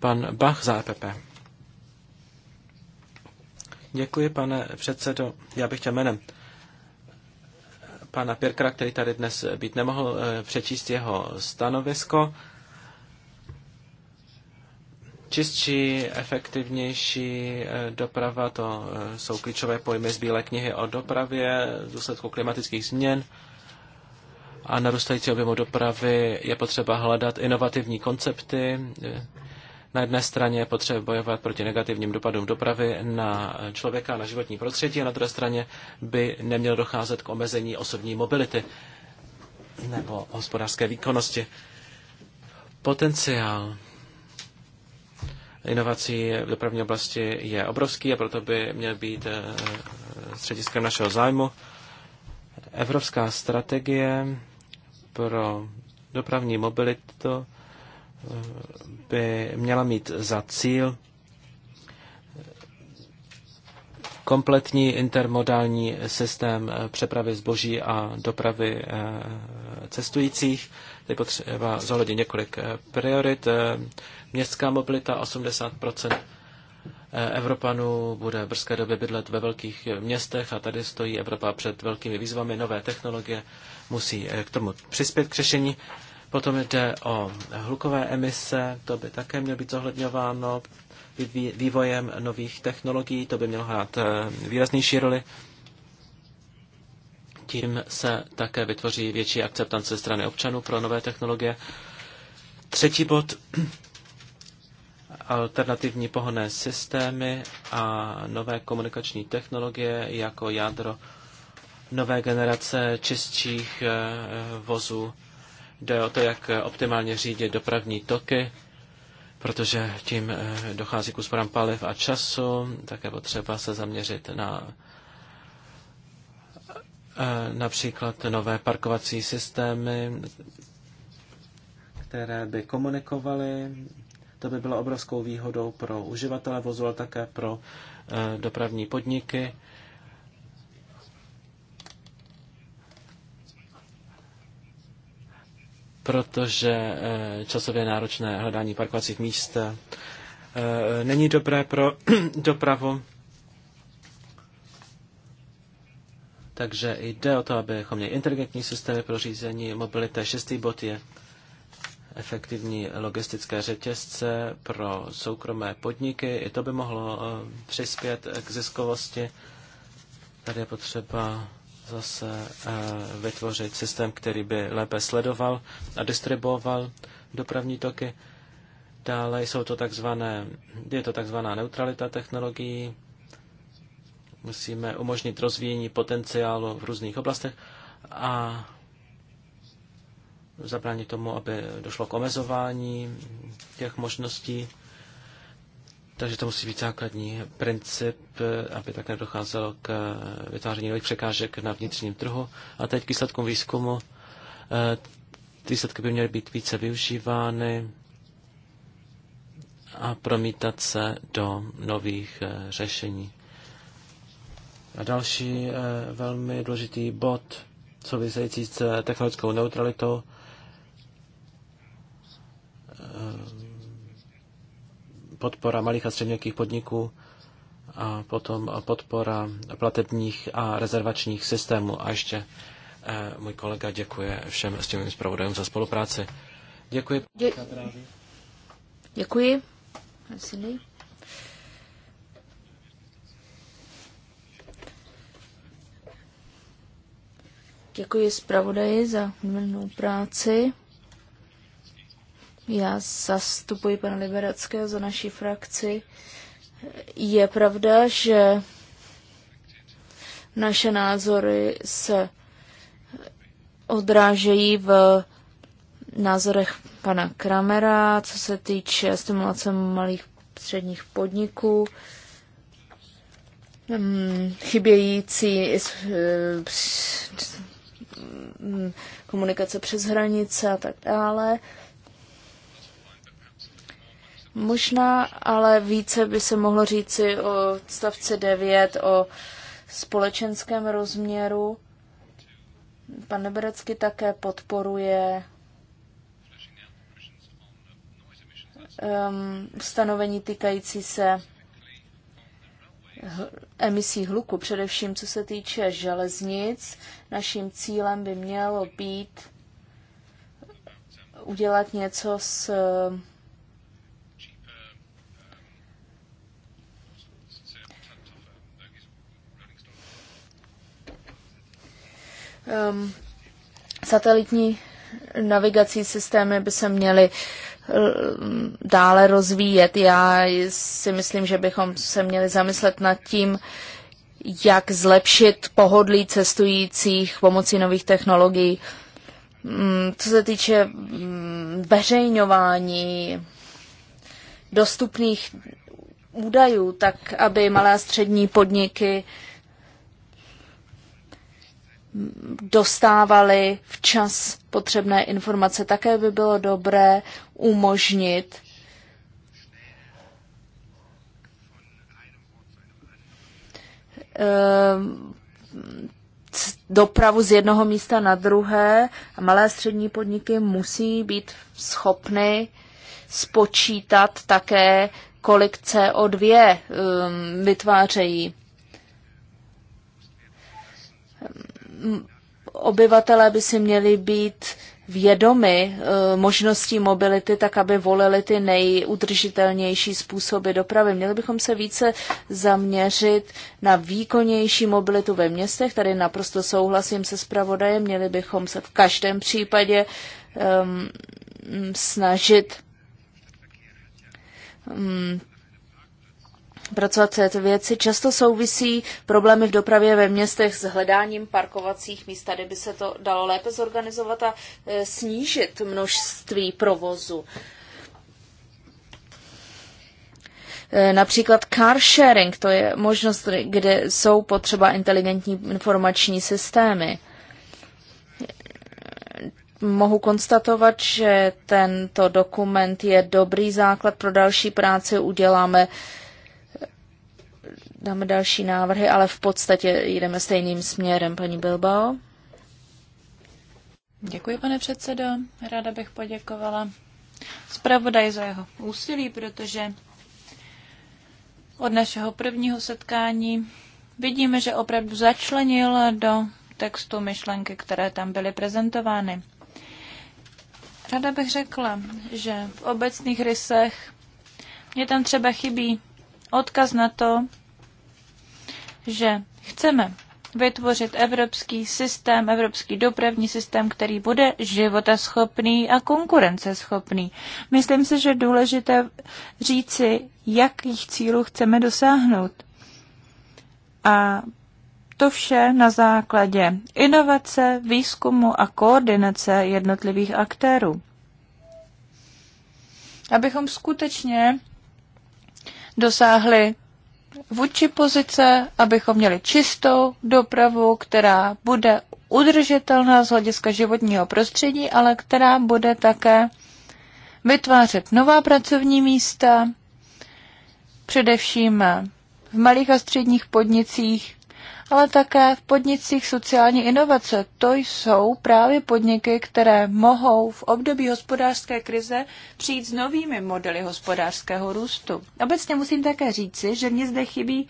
Pan Bach za EPP. Děkuji, pane předsedo. Já bych chtěl jménem pana Pirkra, který tady dnes být nemohl, eh, přečíst jeho stanovisko. Čistší, efektivnější eh, doprava, to eh, jsou klíčové pojmy z Bílé knihy o dopravě v důsledku klimatických změn a narůstající objemu dopravy je potřeba hledat inovativní koncepty, na jedné straně je potřeba bojovat proti negativním dopadům dopravy na člověka, na životní prostředí a na druhé straně by nemělo docházet k omezení osobní mobility nebo hospodářské výkonnosti. Potenciál inovací v dopravní oblasti je obrovský a proto by měl být eh, střediskem našeho zájmu. Evropská strategie pro dopravní mobilitu by měla mít za cíl kompletní intermodální systém přepravy zboží a dopravy eh, cestujících. Je potřeba zohlednit několik eh, priorit. Eh, městská mobilita 80 Evropanů bude v brzké době bydlet ve velkých městech a tady stojí Evropa před velkými výzvami. Nové technologie musí k tomu přispět k řešení. Potom jde o hlukové emise, to by také mělo být zohledňováno vývojem nových technologií, to by mělo hrát eh, výraznější roli. Tím se také vytvoří větší akceptance strany občanů pro nové technologie. Třetí bod, alternativní pohonné systémy a nové komunikační technologie jako jádro nové generace čistších eh, vozů Jde o to, jak optimálně řídit dopravní toky, protože tím eh, dochází k úsporám paliv a času, také potřeba se zaměřit na eh, například nové parkovací systémy, které by komunikovaly. To by bylo obrovskou výhodou pro uživatele vozu, ale také pro eh, dopravní podniky. protože eh, časově náročné hledání parkovacích míst eh, není dobré pro dopravu. Takže jde o to, abychom měli inteligentní systémy pro řízení mobility. Šestý bod je efektivní logistické řetězce pro soukromé podniky. I to by mohlo eh, přispět k ziskovosti. Tady je potřeba zase eh, vytvořit systém, který by lépe sledoval a distribuoval dopravní toky. Dále jsou to takzvané, je to takzvaná neutralita technologií. Musíme umožnit rozvíjení potenciálu v různých oblastech a zabránit tomu, aby došlo k omezování těch možností. Takže to musí být základní princip, aby tak nedocházelo k vytváření nových překážek na vnitřním trhu. A teď k výsledkům výzkumu. Ty eh, výsledky by měly být více využívány a promítat se do nových eh, řešení. A další eh, velmi důležitý bod související s technologickou neutralitou podpora malých a středních podniků a potom podpora platebních a rezervačních systémů. A ještě eh, můj kolega děkuje všem s těmi zpravodajům za spolupráci. Děkuji. Dě- děkuji. Děkuji zpravodaji za odměnou práci. Já zastupuji pana Liberackého za naší frakci. Je pravda, že naše názory se odrážejí v názorech pana Kramera, co se týče stimulace malých středních podniků, mm, chybějící eh, mm, komunikace přes hranice a tak dále. Možná ale více by se mohlo říci o stavci 9, o společenském rozměru. Pan Neberecky také podporuje um, stanovení týkající se emisí hluku, především co se týče železnic. Naším cílem by mělo být udělat něco s Um, satelitní navigací systémy by se měly dále rozvíjet. Já si myslím, že bychom se měli zamyslet nad tím, jak zlepšit pohodlí cestujících pomocí nových technologií. Mm, co se týče mm, veřejňování dostupných údajů, tak aby malé a střední podniky uh, dostávali včas potřebné informace. Také by bylo dobré umožnit eh, dopravu z jednoho místa na druhé a malé a střední podniky musí být schopny spočítat také, kolik CO2 eh, vytvářejí obyvatelé by si měli být vědomi e, možností mobility, tak aby volili ty nejudržitelnější způsoby dopravy. Měli bychom se více zaměřit na výkonnější mobilitu ve městech. Tady naprosto souhlasím se zpravodajem. Měli bychom se v každém případě um, snažit um, pracovat této věci. Často souvisí problémy v dopravě ve městech s hledáním parkovacích míst. Tady by se to dalo lépe zorganizovat a e, snížit množství provozu. E, například car sharing, to je možnost, kde jsou potřeba inteligentní informační systémy. Mohu konstatovat, že tento dokument je dobrý základ pro další práci. Uděláme uh, dáme další návrhy, ale v podstatě jdeme stejným směrem, paní Bilbao. Děkuji, pane předsedo. Ráda bych poděkovala zpravodaj za jeho úsilí, protože od našeho prvního setkání vidíme, že opravdu začlenil do textu myšlenky, které tam byly prezentovány. Rada bych řekla, že v obecných rysech mě tam třeba chybí odkaz na to, že chceme vytvořit evropský systém, evropský dopravní systém, který bude životaschopný a konkurenceschopný. Myslím si, že je důležité říci, jakých cílů chceme dosáhnout. A to vše na základě inovace, výzkumu a koordinace jednotlivých aktérů. Abychom skutečně dosáhli vůdčí pozice, abychom měli čistou dopravu, která bude udržitelná z hlediska životního prostředí, ale která bude také vytvářet nová pracovní místa, především v malých a středních podnicích, ale také v podnicích sociální inovace. To jsou právě podniky, které mohou v období hospodářské krize přijít s novými modely hospodářského růstu. Obecně musím také říci, že mě zde chybí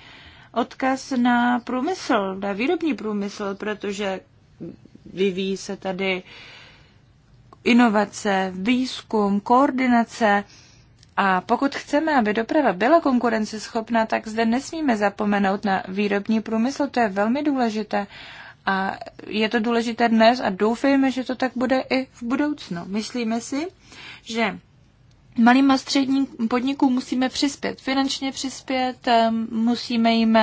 odkaz na průmysl, na výrobní průmysl, protože vyvíjí se tady inovace, výzkum, koordinace a pokud chceme, aby doprava byla konkurenceschopná, tak zde nesmíme zapomenout na výrobní průmysl, to je velmi důležité. A je to důležité dnes a doufejme, že to tak bude i v budoucnu. Myslíme si, že malým a středním podnikům musíme přispět, finančně přispět, ehm, musíme jim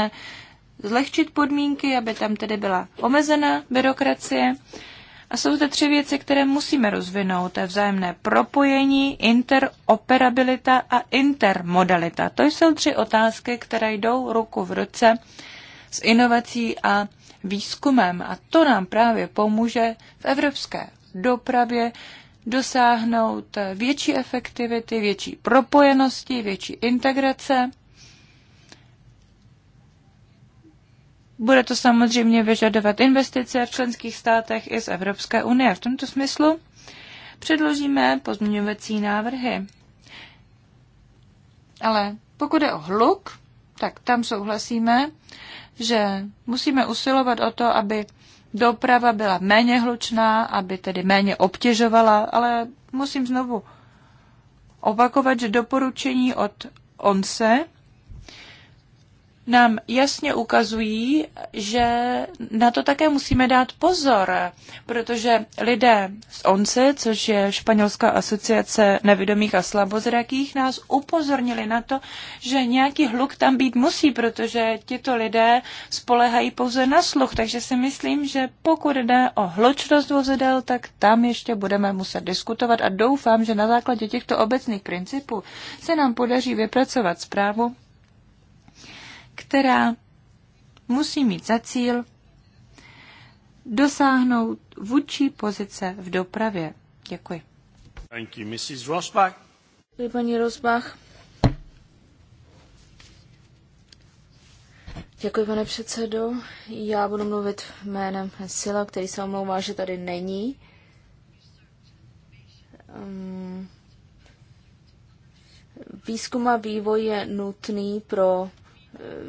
zlehčit podmínky, aby tam tedy byla omezená byrokracie a jsou zde tři věci, které musíme rozvinout. To je vzájemné propojení, interoperabilita a intermodalita. To jsou tři otázky, které jdou ruku v ruce s inovací a výzkumem. A to nám právě pomůže v evropské dopravě dosáhnout větší efektivity, větší propojenosti, větší integrace Bude to samozřejmě vyžadovat investice v členských státech i z Evropské unie. V tomto smyslu předložíme pozměňovací návrhy. Ale pokud je o hluk, tak tam souhlasíme, že musíme usilovat o to, aby doprava byla méně hlučná, aby tedy méně obtěžovala, ale musím znovu opakovat, že doporučení od ONSE nám jasně ukazují, že na to také musíme dát pozor, protože lidé z ONCE, což je Španělská asociace nevidomých a slabozrakých, nás upozornili na to, že nějaký hluk tam být musí, protože tito lidé spolehají pouze na sluch, takže si myslím, že pokud jde o hlučnost vozidel, tak tam ještě budeme muset diskutovat a doufám, že na základě těchto obecných principů se nám podaří vypracovat zprávu, která musí mít za cíl dosáhnout vůdčí pozice v dopravě. Děkuji. Thank you, Mrs. Rosbach. Děkuji, paní Rosbach. Děkuji, pane předsedo. Já budu mluvit jménem Sila, který se omlouvá, že tady není. Um, výzkum a vývoj je nutný pro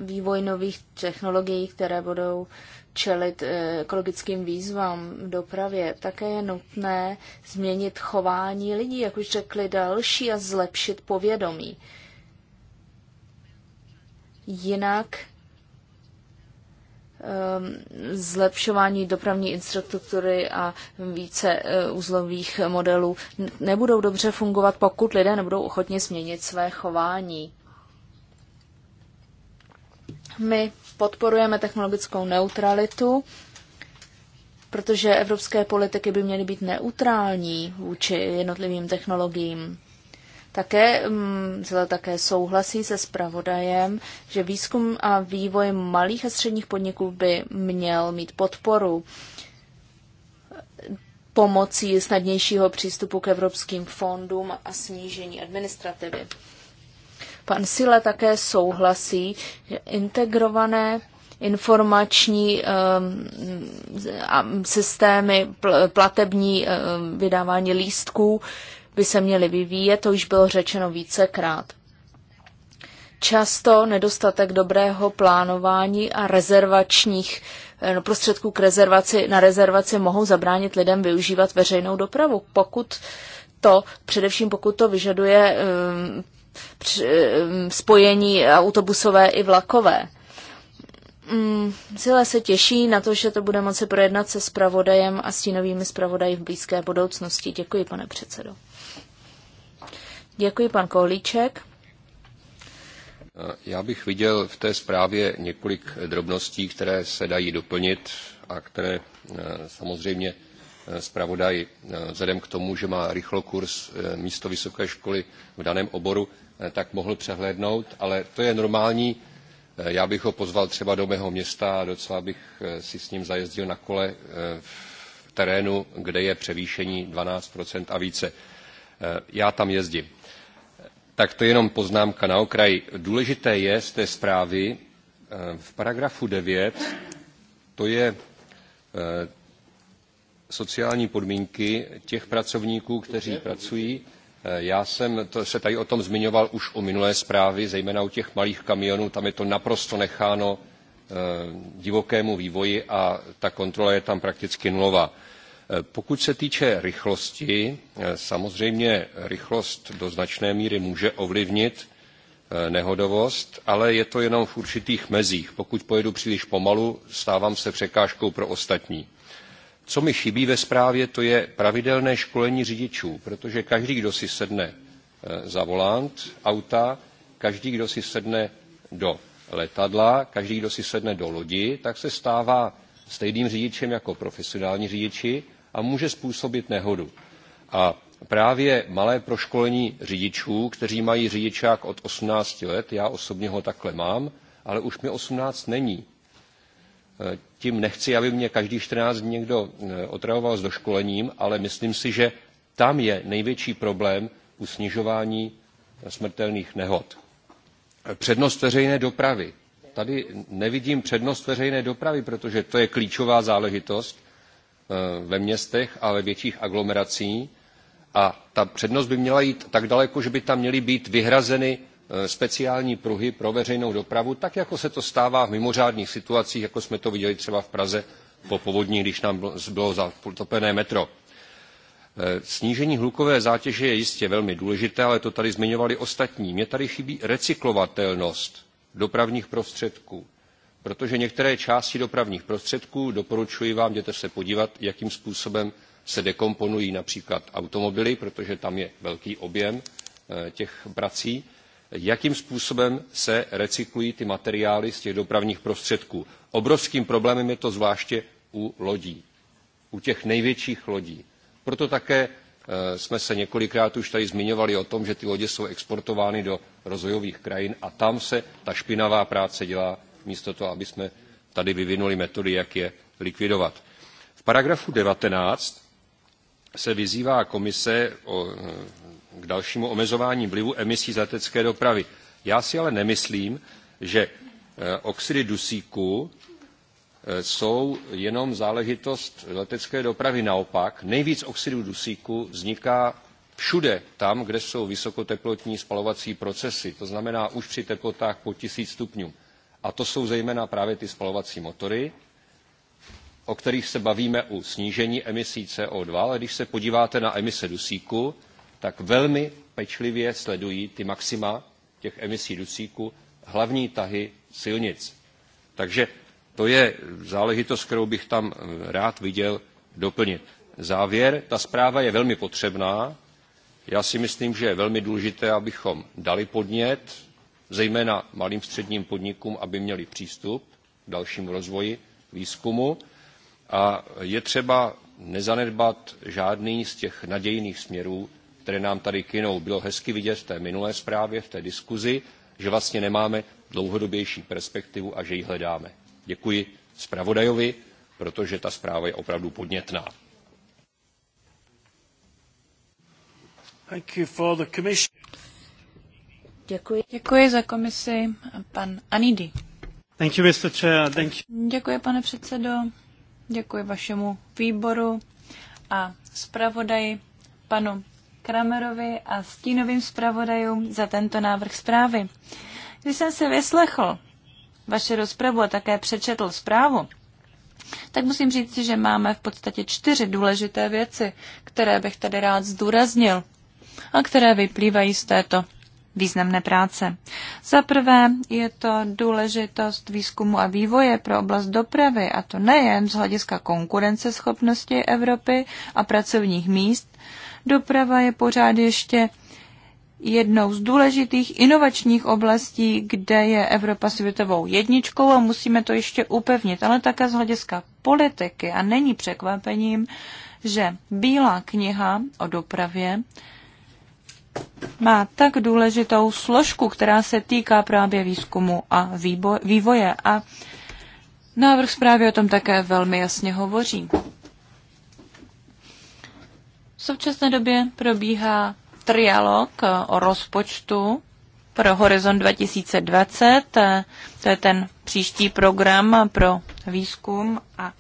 vývoj nových technologií, které budou čelit eh, ekologickým výzvám v dopravě, také je nutné změnit chování lidí, jak už řekli další, a zlepšit povědomí. Jinak ehm, zlepšování dopravní infrastruktury a více eh, uzlových modelů nebudou dobře fungovat, pokud lidé nebudou ochotně změnit své chování. My podporujeme technologickou neutralitu, protože evropské politiky by měly být neutrální vůči jednotlivým technologiím. Také, mm, zle také souhlasí se spravodajem, že výzkum a vývoj malých a středních podniků by měl mít podporu pomocí snadnějšího přístupu k evropským fondům a snížení administrativy. Pan Sile také souhlasí, že integrované informační um, systémy, pl- platební um, vydávání lístků by se měly vyvíjet, to už bylo řečeno vícekrát. Často nedostatek dobrého plánování a rezervačních eh, no, prostředků k rezervaci, na rezervaci mohou zabránit lidem využívat veřejnou dopravu, pokud to, především pokud to vyžaduje um, Eh, spojení autobusové i vlakové. Mm, Zile se těší na to, že to bude moci projednat se zpravodajem a stínovými spravodaji v blízké budoucnosti. Děkuji, pane předsedo. Děkuji, pan Kohlíček. Já bych viděl v té zprávě několik drobností, které se dají doplnit a které eh, samozřejmě Eh, zpravodaj eh, vzhledem k tomu, že má rychlokurs eh, místo vysoké školy v daném oboru, tak mohl přehlédnout, ale to je normální. Já bych ho pozval třeba do mého města a docela bych si s ním zajezdil na kole v terénu, kde je převýšení 12% a více. Já tam jezdím. Tak to je jenom poznámka na okraj. Důležité je z té zprávy v paragrafu 9, to je sociální podmínky těch pracovníků, kteří pracují. Eh, já jsem to, se tady o tom zmiňoval už u minulé zprávy, zejména u těch malých kamionů, tam je to naprosto necháno eh, divokému vývoji a ta kontrola je tam prakticky nulová. Eh, pokud se týče rychlosti, samozřejmě rychlost do značné míry může ovlivnit nehodovost, ale je to jenom v určitých mezích. Pokud pojedu příliš pomalu, stávám se překážkou pro ostatní. Co mi chybí ve zprávě, to je pravidelné školení řidičů, protože každý, kdo si sedne eh, za volant auta, každý, kdo si sedne do letadla, každý, kdo si sedne do lodi, tak se stává stejným řidičem jako profesionální řidiči a může způsobit nehodu. A právě malé proškolení řidičů, kteří mají řidičák od 18 let, já osobně ho takhle mám, ale už mi 18 není. Tím nechci, aby mě každý 14 dní někdo eh, otravoval s doškolením, ale myslím si, že tam je největší problém u snižování smrtelných nehod. Přednost veřejné dopravy. Tady nevidím přednost veřejné dopravy, protože to je klíčová záležitost eh, ve městech a ve větších aglomeracích. A ta přednost by měla jít tak daleko, že by tam měly být vyhrazeny Eh, speciální pruhy pro veřejnou dopravu, tak jako se to stává v mimořádných situacích, jako jsme to viděli třeba v Praze po povodní, když nám bylo zatopené metro. Eh, snížení hlukové zátěže je jistě velmi důležité, ale to tady zmiňovali ostatní. Mně tady chybí recyklovatelnost dopravních prostředků, protože některé části dopravních prostředků, doporučuji vám, jděte se podívat, jakým způsobem se dekomponují například automobily, protože tam je velký objem eh, těch prací, jakým způsobem se recyklují ty materiály z těch dopravních prostředků. Obrovským problémem je to zvláště u lodí, u těch největších lodí. Proto také eh, jsme se několikrát už tady zmiňovali o tom, že ty lodě jsou exportovány do rozvojových krajin a tam se ta špinavá práce dělá místo toho, aby jsme tady vyvinuli metody, jak je likvidovat. V paragrafu 19 se vyzývá komise eh, k dalšímu omezování vlivu emisí z letecké dopravy. Já si ale nemyslím, že e, oxidy dusíku e, jsou jenom záležitost letecké dopravy. Naopak, nejvíc oxidu dusíku vzniká všude tam, kde jsou vysokoteplotní spalovací procesy, to znamená už při teplotách po tisíc stupňů. A to jsou zejména právě ty spalovací motory, o kterých se bavíme u snížení emisí CO2, ale když se podíváte na emise dusíku, tak velmi pečlivě sledují ty maxima těch emisí dusíku, hlavní tahy silnic. Takže to je záležitost, kterou bych tam rád viděl doplnit. Závěr, ta zpráva je velmi potřebná. Já si myslím, že je velmi důležité, abychom dali podnět, zejména malým středním podnikům, aby měli přístup k dalšímu rozvoji výzkumu. A je třeba nezanedbat žádný z těch nadějných směrů, které nám tady kynou. Bylo hezky vidět v té minulé zprávě, v té diskuzi, že vlastně nemáme dlouhodobější perspektivu a že ji hledáme. Děkuji zpravodajovi, protože ta zpráva je opravdu podnětná. Děkuji. Děkuji za komisi, pan Anidy. Thank you, Mr. Chair. Thank you. Děkuji, pane předsedo. Děkuji vašemu výboru a zpravodaji panu Kramerovi a stínovým zpravodajům za tento návrh zprávy. Když jsem si vyslechl vaše rozpravu a také přečetl zprávu, tak musím říct, že máme v podstatě čtyři důležité věci, které bych tady rád zdůraznil a které vyplývají z této významné práce. Za prvé je to důležitost výzkumu a vývoje pro oblast dopravy, a to nejen z hlediska konkurenceschopnosti Evropy a pracovních míst, Doprava je pořád ještě jednou z důležitých inovačních oblastí, kde je Evropa světovou jedničkou a musíme to ještě upevnit, ale také z hlediska politiky. A není překvapením, že Bílá kniha o dopravě má tak důležitou složku, která se týká právě výzkumu a vývoje. A návrh zprávy o tom také velmi jasně hovoří. V současné době probíhá trialog eh, o rozpočtu pro Horizon 2020. Eh, to je ten příští program pro výzkum a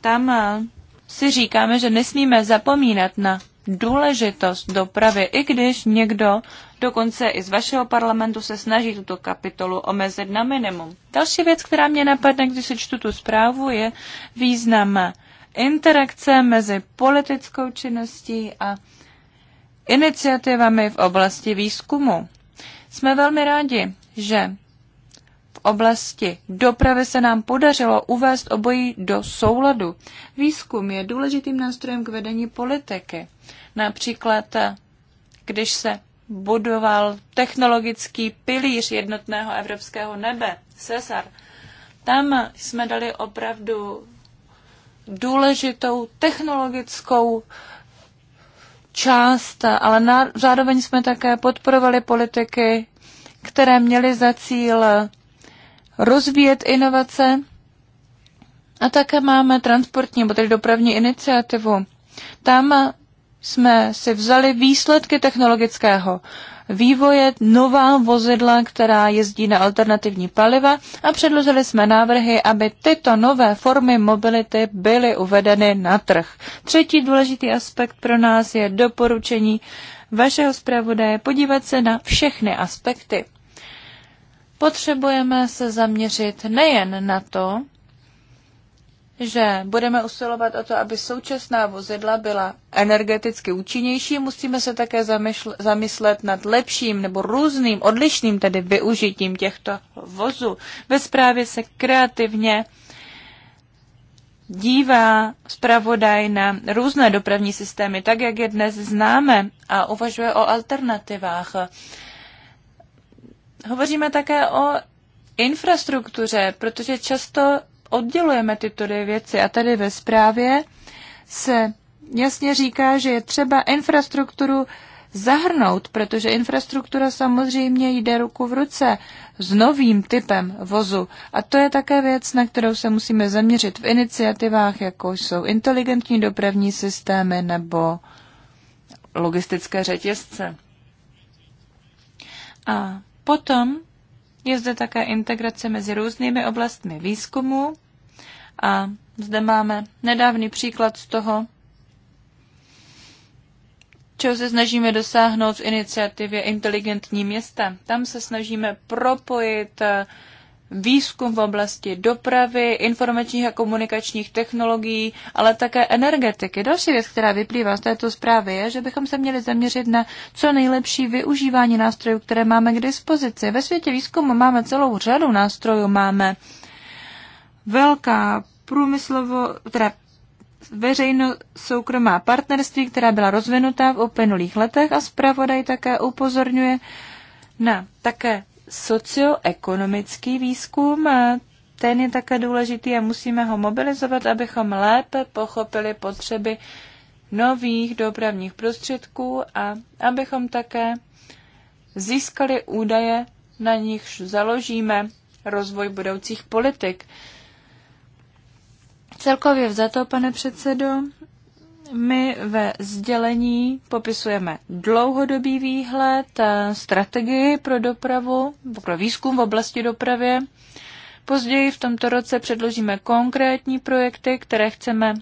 tam eh, si říkáme, že nesmíme zapomínat na důležitost dopravy, i když někdo, dokonce i z vašeho parlamentu, se snaží tuto kapitolu omezit na minimum. Další věc, která mě napadne, když se čtu tu zprávu, je význam interakce mezi politickou činností a iniciativami v oblasti výzkumu. Jsme velmi rádi, že v oblasti dopravy se nám podařilo uvést obojí do souladu. Výzkum je důležitým nástrojem k vedení politiky. Například, když se budoval technologický pilíř jednotného evropského nebe, Cesar, tam jsme dali opravdu důležitou technologickou část, ale na, zároveň jsme také podporovali politiky, které měly za cíl rozvíjet inovace a také máme transportní, nebo tedy dopravní iniciativu. Tam jsme si vzali výsledky technologického vývoje nová vozidla, která jezdí na alternativní paliva a předložili jsme návrhy, aby tyto nové formy mobility byly uvedeny na trh. Třetí důležitý aspekt pro nás je doporučení vašeho zpravodaje podívat se na všechny aspekty. Potřebujeme se zaměřit nejen na to, že budeme usilovat o to, aby současná vozidla byla energeticky účinnější, musíme se také zamyslet nad lepším nebo různým, odlišným tedy využitím těchto vozů. Ve zprávě se kreativně dívá zpravodaj na různé dopravní systémy, tak jak je dnes známe, a uvažuje o alternativách. Hovoříme také o infrastruktuře, protože často oddělujeme tyto dvě věci. A tady ve zprávě se jasně říká, že je třeba infrastrukturu zahrnout, protože infrastruktura samozřejmě jde ruku v ruce s novým typem vozu. A to je také věc, na kterou se musíme zaměřit v iniciativách, jako jsou inteligentní dopravní systémy nebo logistické řetězce. A potom je zde také integrace mezi různými oblastmi výzkumu a zde máme nedávný příklad z toho, čeho se snažíme dosáhnout v iniciativě Inteligentní města. Tam se snažíme propojit eh, výzkum v oblasti dopravy, informačních a komunikačních technologií, ale také energetiky. Další věc, která vyplývá z této zprávy, je, že bychom se měli zaměřit na co nejlepší využívání nástrojů, které máme k dispozici. Ve světě výzkumu máme celou řadu nástrojů, máme velká průmyslovo, teda veřejno-soukromá partnerství, která byla rozvinuta v uplynulých letech a zpravodaj také upozorňuje na také socioekonomický výzkum. Ten je také důležitý a musíme ho mobilizovat, abychom lépe pochopili potřeby nových dopravních prostředků a abychom také získali údaje, na nichž založíme rozvoj budoucích politik. Celkově vzato, pane předsedo, my ve sdělení popisujeme dlouhodobý výhled, eh, strategii pro dopravu, pro výzkum v oblasti dopravy. Později v tomto roce předložíme konkrétní projekty, které chceme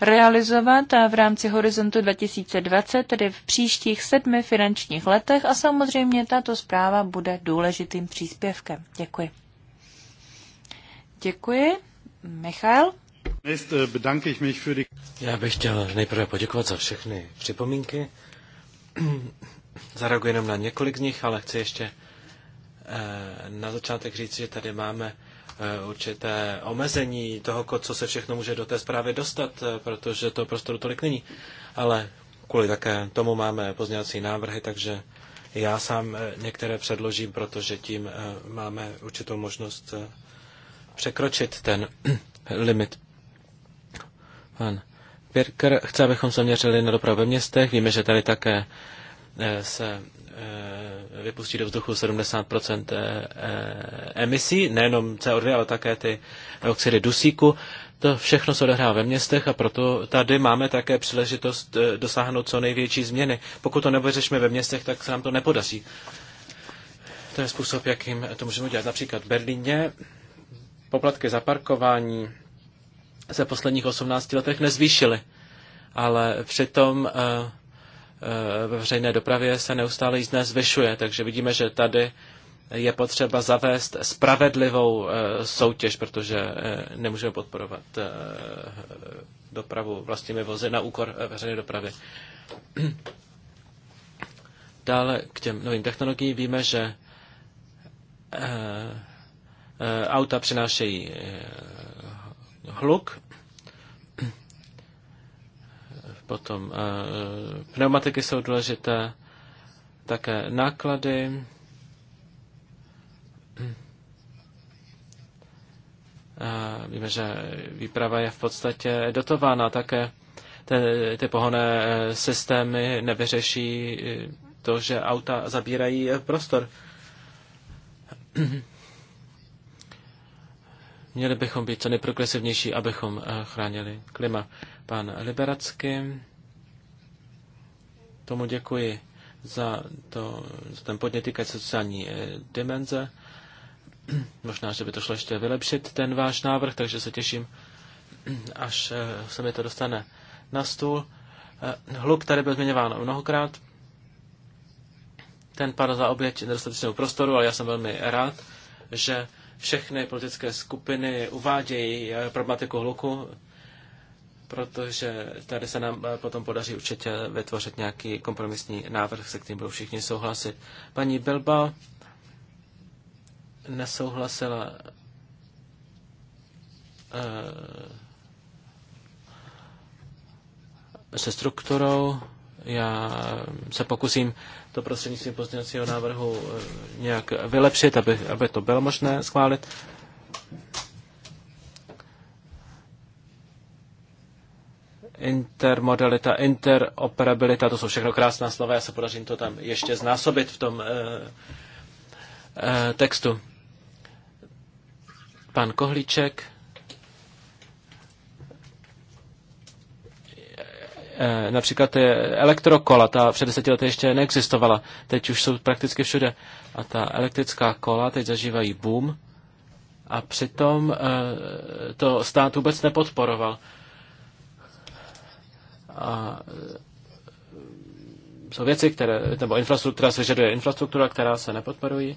realizovat a eh, v rámci Horizontu 2020, tedy v příštích sedmi finančních letech a samozřejmě tato zpráva bude důležitým příspěvkem. Děkuji. Děkuji. Michal? Äh, já bych chtěl nejprve poděkovat za všechny připomínky. Zareaguji jenom na několik z nich, ale chci ještě eh, na začátek říct, že tady máme eh, určité omezení toho, co se všechno může do té zprávy dostat, eh, protože to prostoru tolik není. Ale kvůli také tomu máme pozněvací návrhy, takže já sám některé předložím, protože tím máme určitou možnost překročit ten limit. Pan Pirker chce, abychom se měřili na dopravu ve městech. Víme, že tady také eh, se eh, vypustí do vzduchu 70 eh, emisí, nejenom CO2, ale také ty oxidy dusíku. To všechno se odehrává ve městech a proto tady máme také příležitost dosáhnout co největší změny. Pokud to nevyřešíme ve městech, tak se nám to nepodaří. To je způsob, jakým to můžeme udělat. Například v Berlíně poplatky za parkování se v posledních 18 letech nezvýšily. Ale přitom eh, eh, ve veřejné dopravě se neustále jízdné zvyšuje, takže vidíme, že tady je potřeba zavést spravedlivou eh, soutěž, protože nemůžeme podporovat dopravu vlastními vozy na úkor veřejné dopravy. Dále k těm novým technologiím víme, že auta přinášejí hluk, potom eh, pneumatiky jsou důležité, také náklady, eh, Víme, že výprava je v podstatě dotována také. ty, ty pohonné eh, systémy nevyřeší to, že auta zabírají prostor. Měli bychom být co nejprogresivnější, abychom eh, chránili klima. Pan Liberacky, tomu děkuji za, to, za ten podnět týkající sociální eh, dimenze. Možná, že by to šlo ještě vylepšit, ten váš návrh, takže se těším, až eh, se mi to dostane na stůl. Hluk tady byl zmiňován mnohokrát. Ten padl za oběť nedostatečného prostoru, ale já jsem velmi rád, že všechny politické skupiny uvádějí eh, problematiku hluku, protože tady se nám eh, potom podaří určitě vytvořit nějaký kompromisní návrh, se kterým budou všichni souhlasit. Paní Bilba nesouhlasila eh, se strukturou. Já se pokusím to prostřednictvím pozměňovacího návrhu eh, nějak vylepšit, aby, aby to bylo možné schválit. Intermodalita, interoperabilita, to jsou všechno krásná slova, já se podařím to tam ještě znásobit v tom eh, eh, textu. Pan Kohlíček Eh, například ty elektrokola, ta před deseti lety ještě neexistovala, teď už jsou prakticky všude. A ta elektrická kola teď zažívají boom a přitom eh, to stát vůbec nepodporoval. A eh, jsou věci, které, nebo infrastruktura se vyžaduje infrastruktura, která se nepodporují.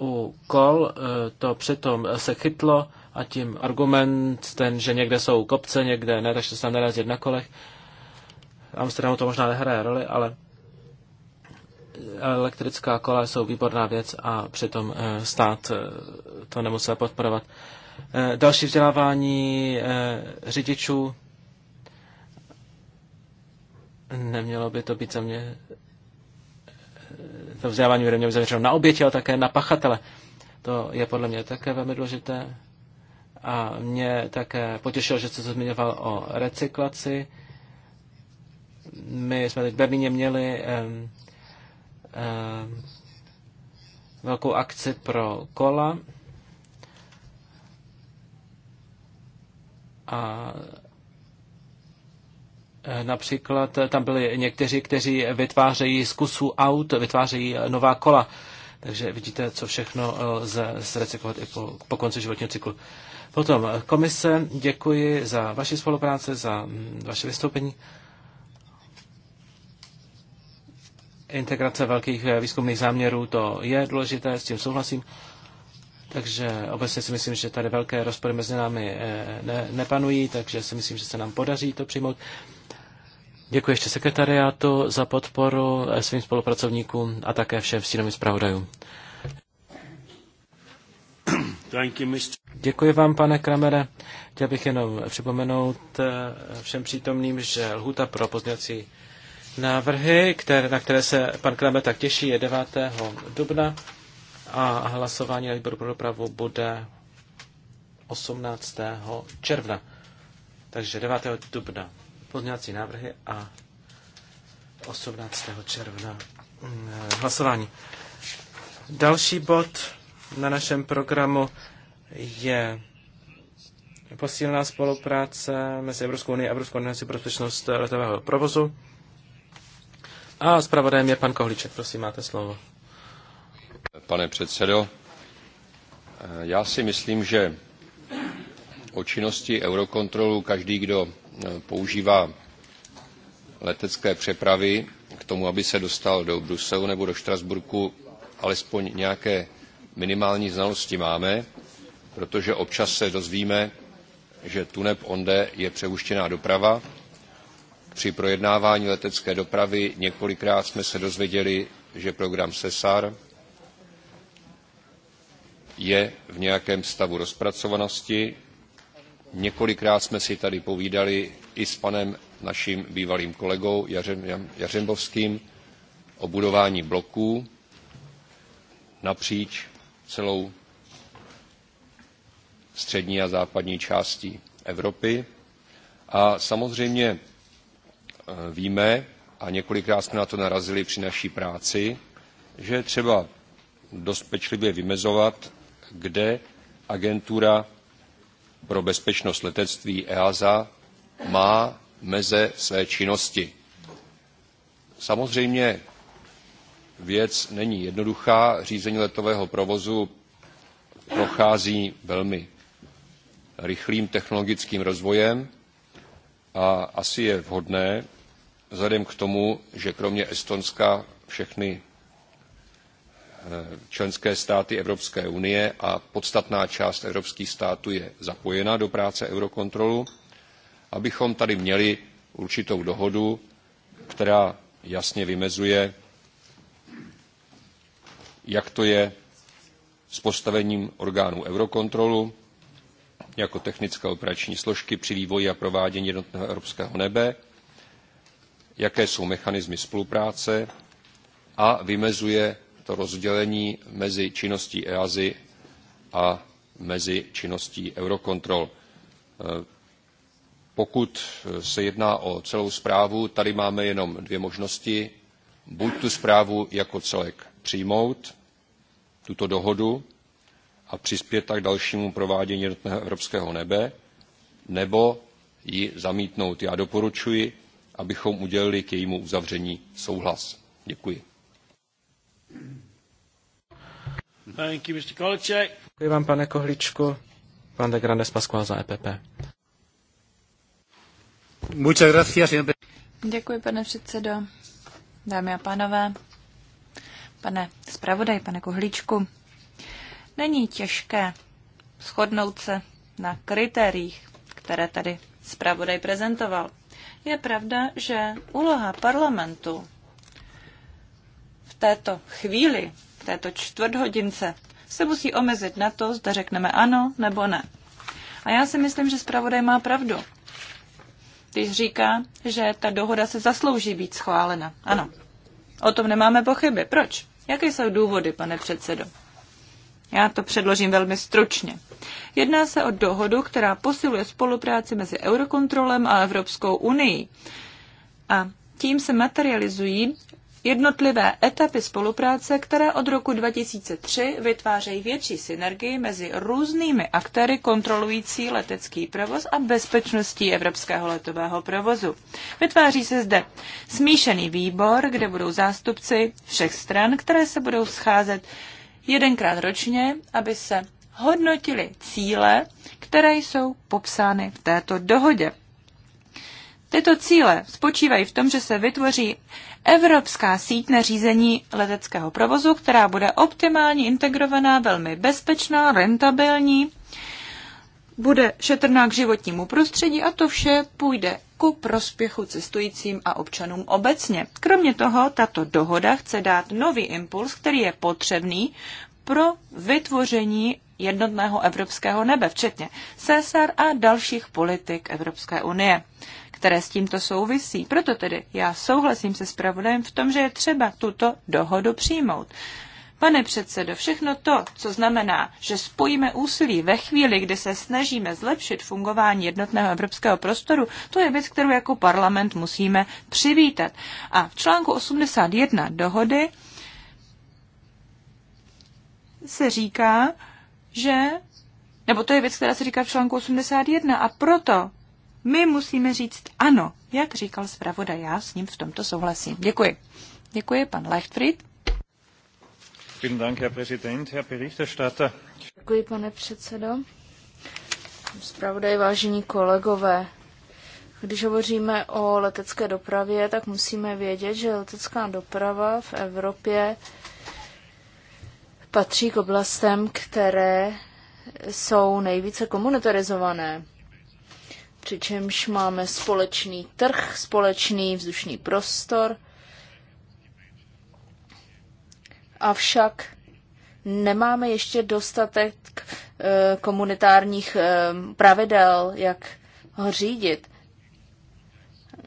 U kol to přitom se chytlo a tím argument ten, že někde jsou kopce, někde ne, takže se tam nedá na kolech. Amsterdamu to možná nehraje roli, ale elektrická kola jsou výborná věc a přitom eh, stát eh, to nemusel podporovat. Eh, další vzdělávání řidičů. Nemělo by to být za mě to vzdělávání by mělo být na oběti, ale také na pachatele. To je podle mě také velmi důležité. A mě také potěšilo, že jste se zmiňoval o recyklaci. My jsme teď v Berlíně měli um, um, velkou akci pro kola. A e, například tam byli někteří, kteří vytvářejí z kusů aut, vytvářejí nová kola. Takže vidíte, co všechno lze zrecyklovat i po, po konci životního cyklu. Potom eh, komise, děkuji za vaši spolupráci, za mm, vaše vystoupení. Integrace velkých eh, výzkumných záměrů, to je důležité, s tím souhlasím. Takže obecně si myslím, že tady velké rozpory mezi námi eh, ne, nepanují, takže si myslím, že se nám podaří to přijmout. Děkuji ještě sekretariátu za podporu svým spolupracovníkům a také všem stínovým zpravodajům. Děkuji vám, pane Kramere. Chtěl bych jenom připomenout eh, všem přítomným, že lhuta pro pozdňací návrhy, které, na které se pan Kramer tak těší, je 9. dubna a hlasování na výboru pro dopravu bude 18. června. Takže 9. dubna pozdňací návrhy a 18. června mm, hlasování. Další bod na našem programu je posílná spolupráce mezi Evropskou unii a Evropskou unii pro bezpečnost letového provozu. A zpravodajem je pan Kohliček, prosím, máte slovo. Pane předsedo, já si myslím, že o činnosti Eurokontrolu každý, kdo eh, používá letecké přepravy k tomu, aby se dostal do Bruselu nebo do Štrasburku, alespoň nějaké minimální znalosti máme, protože občas se dozvíme, že tuneb onde je přehuštěná doprava. Při projednávání letecké dopravy několikrát jsme se dozvěděli, že program SESAR je v nějakém stavu rozpracovanosti. Několikrát jsme si tady povídali i s panem naším bývalým kolegou Jařem, Jařembovským o budování bloků napříč celou střední a západní částí Evropy. A samozřejmě eh, víme, a několikrát jsme na to narazili při naší práci, že je třeba dost pečlivě vymezovat, kde agentura pro bezpečnost letectví EASA má meze své činnosti. Samozřejmě věc není jednoduchá. Řízení letového provozu prochází velmi rychlým technologickým rozvojem a asi je vhodné, vzhledem k tomu, že kromě Estonska všechny eh, členské státy Evropské unie a podstatná část evropských států je zapojena do práce Eurokontrolu, abychom tady měli určitou dohodu, která jasně vymezuje jak to je s postavením orgánů Eurokontrolu jako technické operační složky při vývoji a provádění jednotného evropského nebe, jaké jsou mechanismy spolupráce a vymezuje to rozdělení mezi činností EASY a mezi činností Eurocontrol. E, pokud se jedná o celou zprávu, tady máme jenom dvě možnosti. Buď tu zprávu jako celek přijmout tuto dohodu a přispět tak dalšímu provádění jednotného evropského nebe, nebo ji zamítnout. Já doporučuji, abychom udělili k jejímu uzavření souhlas. Děkuji. Thank you, Mr. Děkuji vám, pane Kohličku. Pan de Grandes Pascual za EPP. Muchas gracias, Děkuji, pane předsedo. Dámy a pánové, pane zpravodaj, pane Kohlíčku. Není těžké shodnout se na kritériích, které tady zpravodaj prezentoval. Je pravda, že úloha parlamentu v této chvíli, v této čtvrthodince, se musí omezit na to, zda řekneme ano nebo ne. A já si myslím, že zpravodaj má pravdu, když říká, že ta dohoda se zaslouží být schválena. Ano, o tom nemáme pochyby. Proč? Jaké jsou důvody, pane předsedo? Já to předložím velmi stručně. Jedná se o dohodu, která posiluje spolupráci mezi Eurokontrolem a Evropskou unii. A tím se materializují jednotlivé etapy spolupráce, které od roku 2003 vytvářejí větší synergii mezi různými aktéry kontrolující letecký provoz a bezpečností evropského letového provozu. Vytváří se zde smíšený výbor, kde budou zástupci všech stran, které se budou scházet jedenkrát ročně, aby se hodnotili cíle, které jsou popsány v této dohodě. Tyto cíle spočívají v tom, že se vytvoří evropská síť na řízení leteckého provozu, která bude optimálně integrovaná, velmi bezpečná, rentabilní, bude šetrná k životnímu prostředí a to vše půjde ku prospěchu cestujícím a občanům obecně. Kromě toho, tato dohoda chce dát nový impuls, který je potřebný pro vytvoření jednotného evropského nebe, včetně CSR a dalších politik Evropské unie které s tímto souvisí. Proto tedy já souhlasím se zpravodajem v tom, že je třeba tuto dohodu přijmout. Pane předsedo, všechno to, co znamená, že spojíme úsilí ve chvíli, kdy se snažíme zlepšit fungování jednotného evropského prostoru, to je věc, kterou jako parlament musíme přivítat. A v článku 81 dohody se říká, že nebo to je věc, která se říká v článku 81 a proto my musíme říct ano, jak říkal zpravoda, já s ním v tomto souhlasím. Děkuji. Děkuji, pan Leichtfried. Děkuji, pane předsedo. Zpravodaj, vážení kolegové, když hovoříme o letecké dopravě, tak musíme vědět, že letecká doprava v Evropě patří k oblastem, které jsou nejvíce komunitarizované přičemž máme společný trh, společný vzdušný prostor. Avšak nemáme ještě dostatek eh, komunitárních eh, pravidel, jak ho řídit.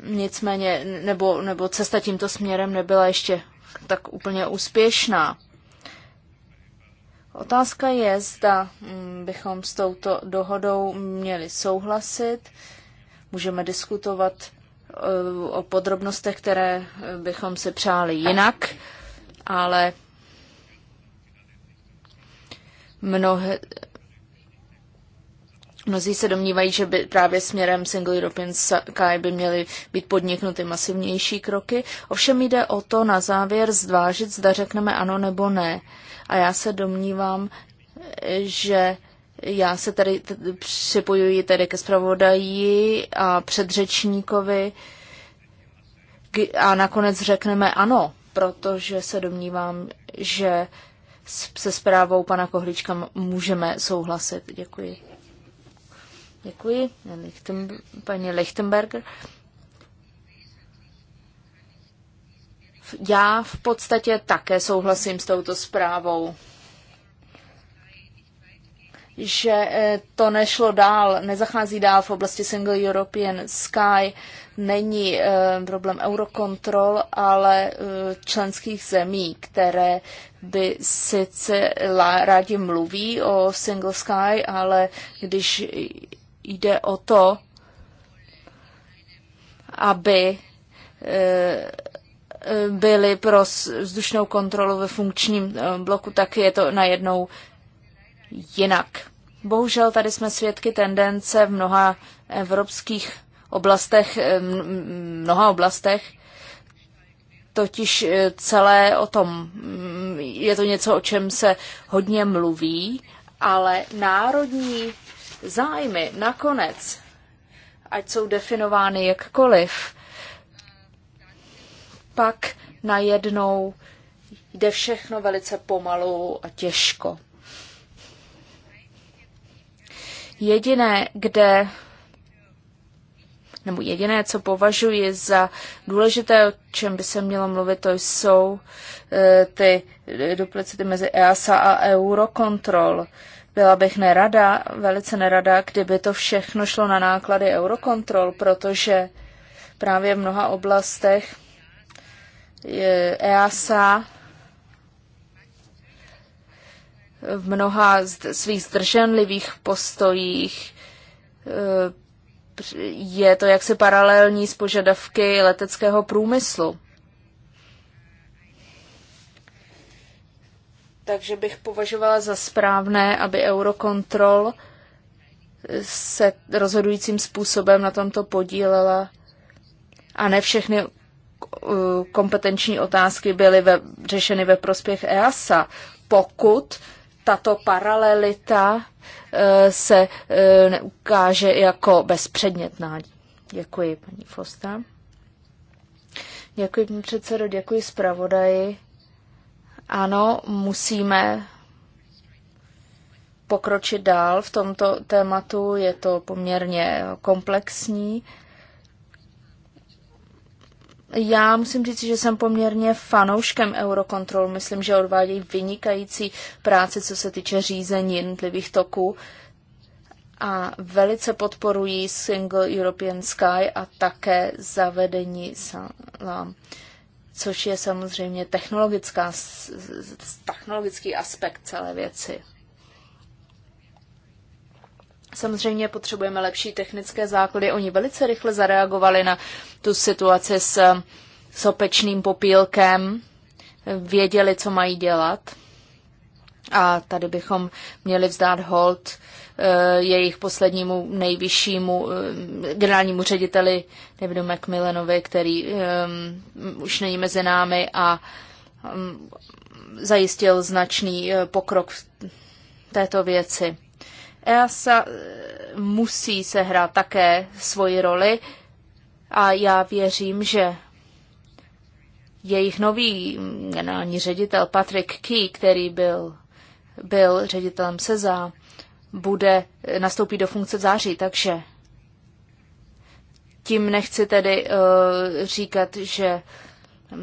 Nicméně, nebo, nebo cesta tímto směrem nebyla ještě tak úplně úspěšná. Otázka je, zda mm, bychom s touto dohodou měli souhlasit. Můžeme diskutovat eh, o podrobnostech, které eh, bychom si přáli jinak, ale mnohé, Mnozí se domnívají, že by právě směrem Single European Sky by měly být podniknuty masivnější kroky. Ovšem jde o to na závěr zvážit, zda řekneme ano nebo ne. A já se domnívám, že já se tady připojuji tedy ke zpravodaji a předřečníkovi a nakonec řekneme ano, protože se domnívám, že se zprávou pana Kohlička můžeme souhlasit. Děkuji. Děkuji, paní Lichtenberger. Já v podstatě také souhlasím s touto zprávou, že eh, to nešlo dál, nezachází dál v oblasti Single European Sky. Není eh, problém Eurocontrol, ale eh, členských zemí, které by sice rádi mluví o Single Sky, ale když jde o to, aby eh, byly pro vzdušnou kontrolu ve funkčním eh, bloku, tak je to najednou jinak. Bohužel tady jsme svědky tendence v mnoha evropských oblastech, eh, mnoha oblastech, totiž celé o tom, mm, je to něco, o čem se hodně mluví, ale národní zájmy nakonec, ať jsou definovány jakkoliv, pak najednou jde všechno velice pomalu a těžko. Jediné, kde nebo jediné, co považuji za důležité, o čem by se mělo mluvit, to jsou eh, ty duplicity mezi EASA a Eurocontrol. Byla bych nerada, velice nerada, kdyby to všechno šlo na náklady Eurokontrol, protože právě v mnoha oblastech EASA e v mnoha svých zdrženlivých postojích eh, je to jaksi paralelní s požadavky leteckého průmyslu. Takže bych považovala za správné, aby Eurocontrol se rozhodujícím způsobem na tomto podílela a ne všechny uh, kompetenční otázky byly ve, řešeny ve prospěch EASA, pokud tato paralelita uh, se uh, neukáže jako bezpředmětná. Děkuji, paní Foster. Děkuji, předsedo, děkuji zpravodaji ano, musíme pokročit dál v tomto tématu. Je to poměrně komplexní. Já musím říct, že jsem poměrně fanouškem Eurocontrol. Myslím, že odvádějí vynikající práci, co se týče řízení jednotlivých toků. A velice podporují Single European Sky a také zavedení salám což je samozřejmě technologická, technologický aspekt celé věci. Samozřejmě potřebujeme lepší technické základy. Oni velice rychle zareagovali na tu situaci s sopečným popílkem, věděli, co mají dělat. A tady bychom měli vzdát hold Eh, jejich poslednímu nejvyššímu eh, generálnímu řediteli Davidu McMillanovi, který um, už není mezi námi a um, zajistil značný pokrok v této věci. EASA musí sehrát také svoji roli a já věřím, že jejich nový mm, generální ředitel Patrick Key, který byl, byl ředitelem SEZA, bude eh, nastoupí do funkce v září, takže tím nechci tedy uh, říkat, že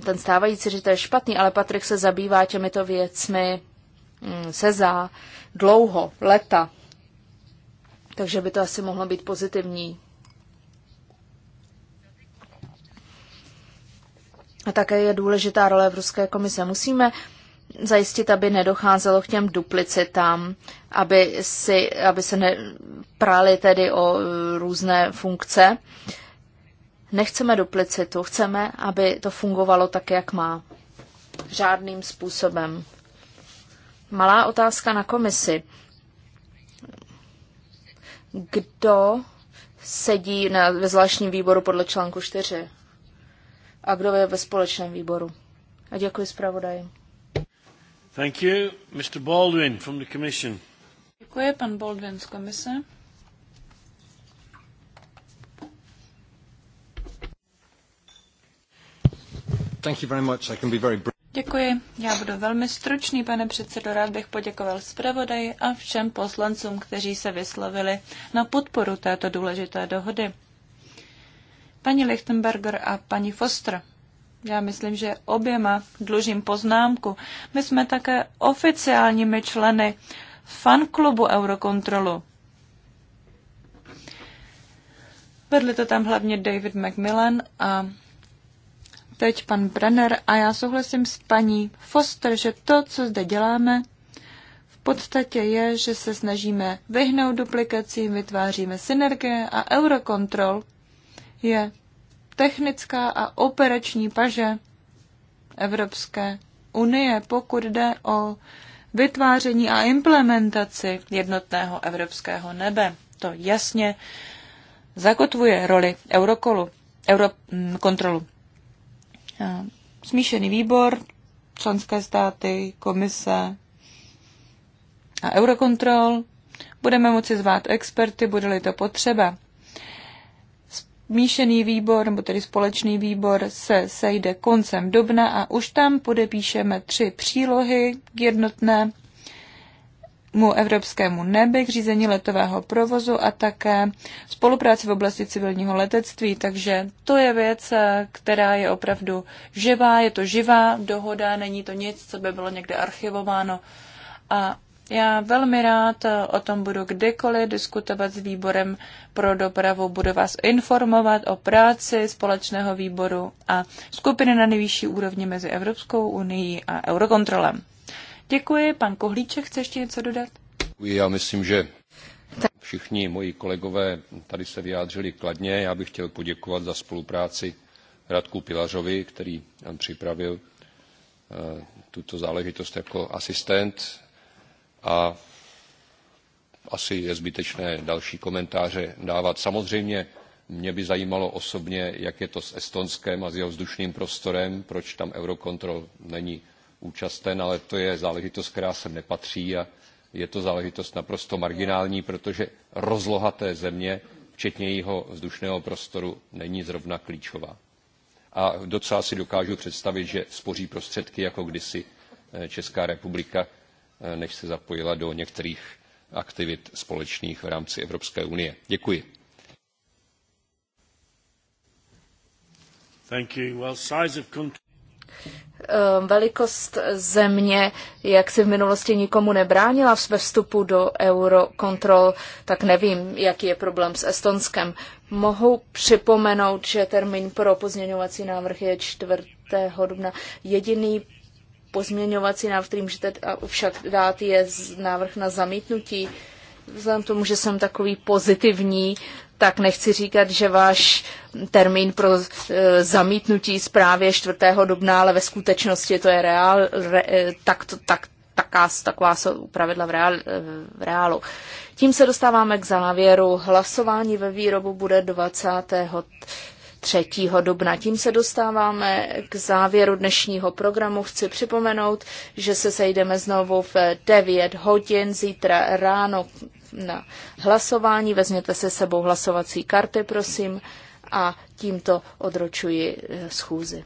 ten stávající ředitel je špatný, ale Patrik se zabývá těmito věcmi um, se dlouho, leta. Takže by to asi mohlo být pozitivní. A také je důležitá role v Ruské komise. Musíme zajistit, aby nedocházelo k těm duplicitám, aby, si, aby se neprali tedy o e, různé funkce. Nechceme duplicitu, chceme, aby to fungovalo tak, jak má. Žádným způsobem. Malá otázka na komisi. Kdo sedí na, ve zvláštním výboru podle článku 4? A kdo je ve společném výboru? A děkuji zpravodaji. Thank you. Mr. Baldwin from the Commission. Děkuji, pan Baldwin z Komise. Thank you very much. I can be very Děkuji. Já budu velmi stručný, pane předsedo. Rád bych poděkoval zpravodaji a všem poslancům, kteří se vyslovili na podporu této důležité dohody. Paní Lichtenberger a paní Foster já myslím, že oběma dlužím poznámku. My jsme také oficiálními členy fanklubu Eurokontrolu. Vedli to tam hlavně David Macmillan a teď pan Brenner a já souhlasím s paní Foster, že to, co zde děláme, v podstatě je, že se snažíme vyhnout duplikacím, vytváříme synergie a Eurokontrol je technická a operační paže Evropské unie, pokud jde o vytváření a implementaci jednotného evropského nebe. To jasně zakotvuje roli Eurokolu, Eurokontrolu. Mm, smíšený výbor, členské státy, komise a Eurokontrol. Budeme moci zvát experty, bude-li to potřeba míšený výbor, nebo tedy společný výbor, se sejde koncem dubna a už tam podepíšeme tři přílohy k jednotnému evropskému nebi, k řízení letového provozu a také spolupráci v oblasti civilního letectví. Takže to je věc, která je opravdu živá, je to živá dohoda, není to nic, co by bylo někde archivováno a já velmi rád eh, o tom budu kdykoliv diskutovat s výborem pro dopravu, budu vás informovat o práci společného výboru a skupiny na nejvyšší úrovni mezi Evropskou unii a Eurokontrolem. Děkuji. Pan Kohlíček chce ještě něco dodat? Já myslím, že všichni moji kolegové tady se vyjádřili kladně. Já bych chtěl poděkovat za spolupráci Radku Pilařovi, který připravil eh, tuto záležitost jako asistent a asi je zbytečné další komentáře dávat. Samozřejmě mě by zajímalo osobně, jak je to s Estonskem a s jeho vzdušným prostorem, proč tam Eurocontrol není účasten, ale to je záležitost, která sem nepatří a je to záležitost naprosto marginální, protože rozloha té země, včetně jeho vzdušného prostoru, není zrovna klíčová. A docela si dokážu představit, že spoří prostředky jako kdysi eh, Česká republika Eh, než se zapojila do některých aktivit společných v rámci Evropské unie. Děkuji. Ehm, velikost země, jak si v minulosti nikomu nebránila ve vstupu do eurokontrol, tak nevím, jaký je problém s Estonskem. Mohu připomenout, že termín pro pozměňovací návrh je 4. dubna. Jediný pozměňovací návrh, který můžete eh, však dát, je návrh na zamítnutí. Vzhledem k tomu, že jsem takový pozitivní, tak nechci říkat, že váš termín pro e, zamítnutí zprávě 4. dubna, ale ve skutečnosti to je reál, re, eh, tak, to, tak, taká, taková jsou pravidla v, reál, v reálu. Tím se dostáváme k závěru. Hlasování ve výrobu bude 20. 3. dubna. Tím se dostáváme k závěru dnešního programu. Chci připomenout, že se sejdeme znovu v 9 hodin zítra ráno na hlasování. Vezměte se sebou hlasovací karty, prosím, a tímto odročuji eh, schůzi.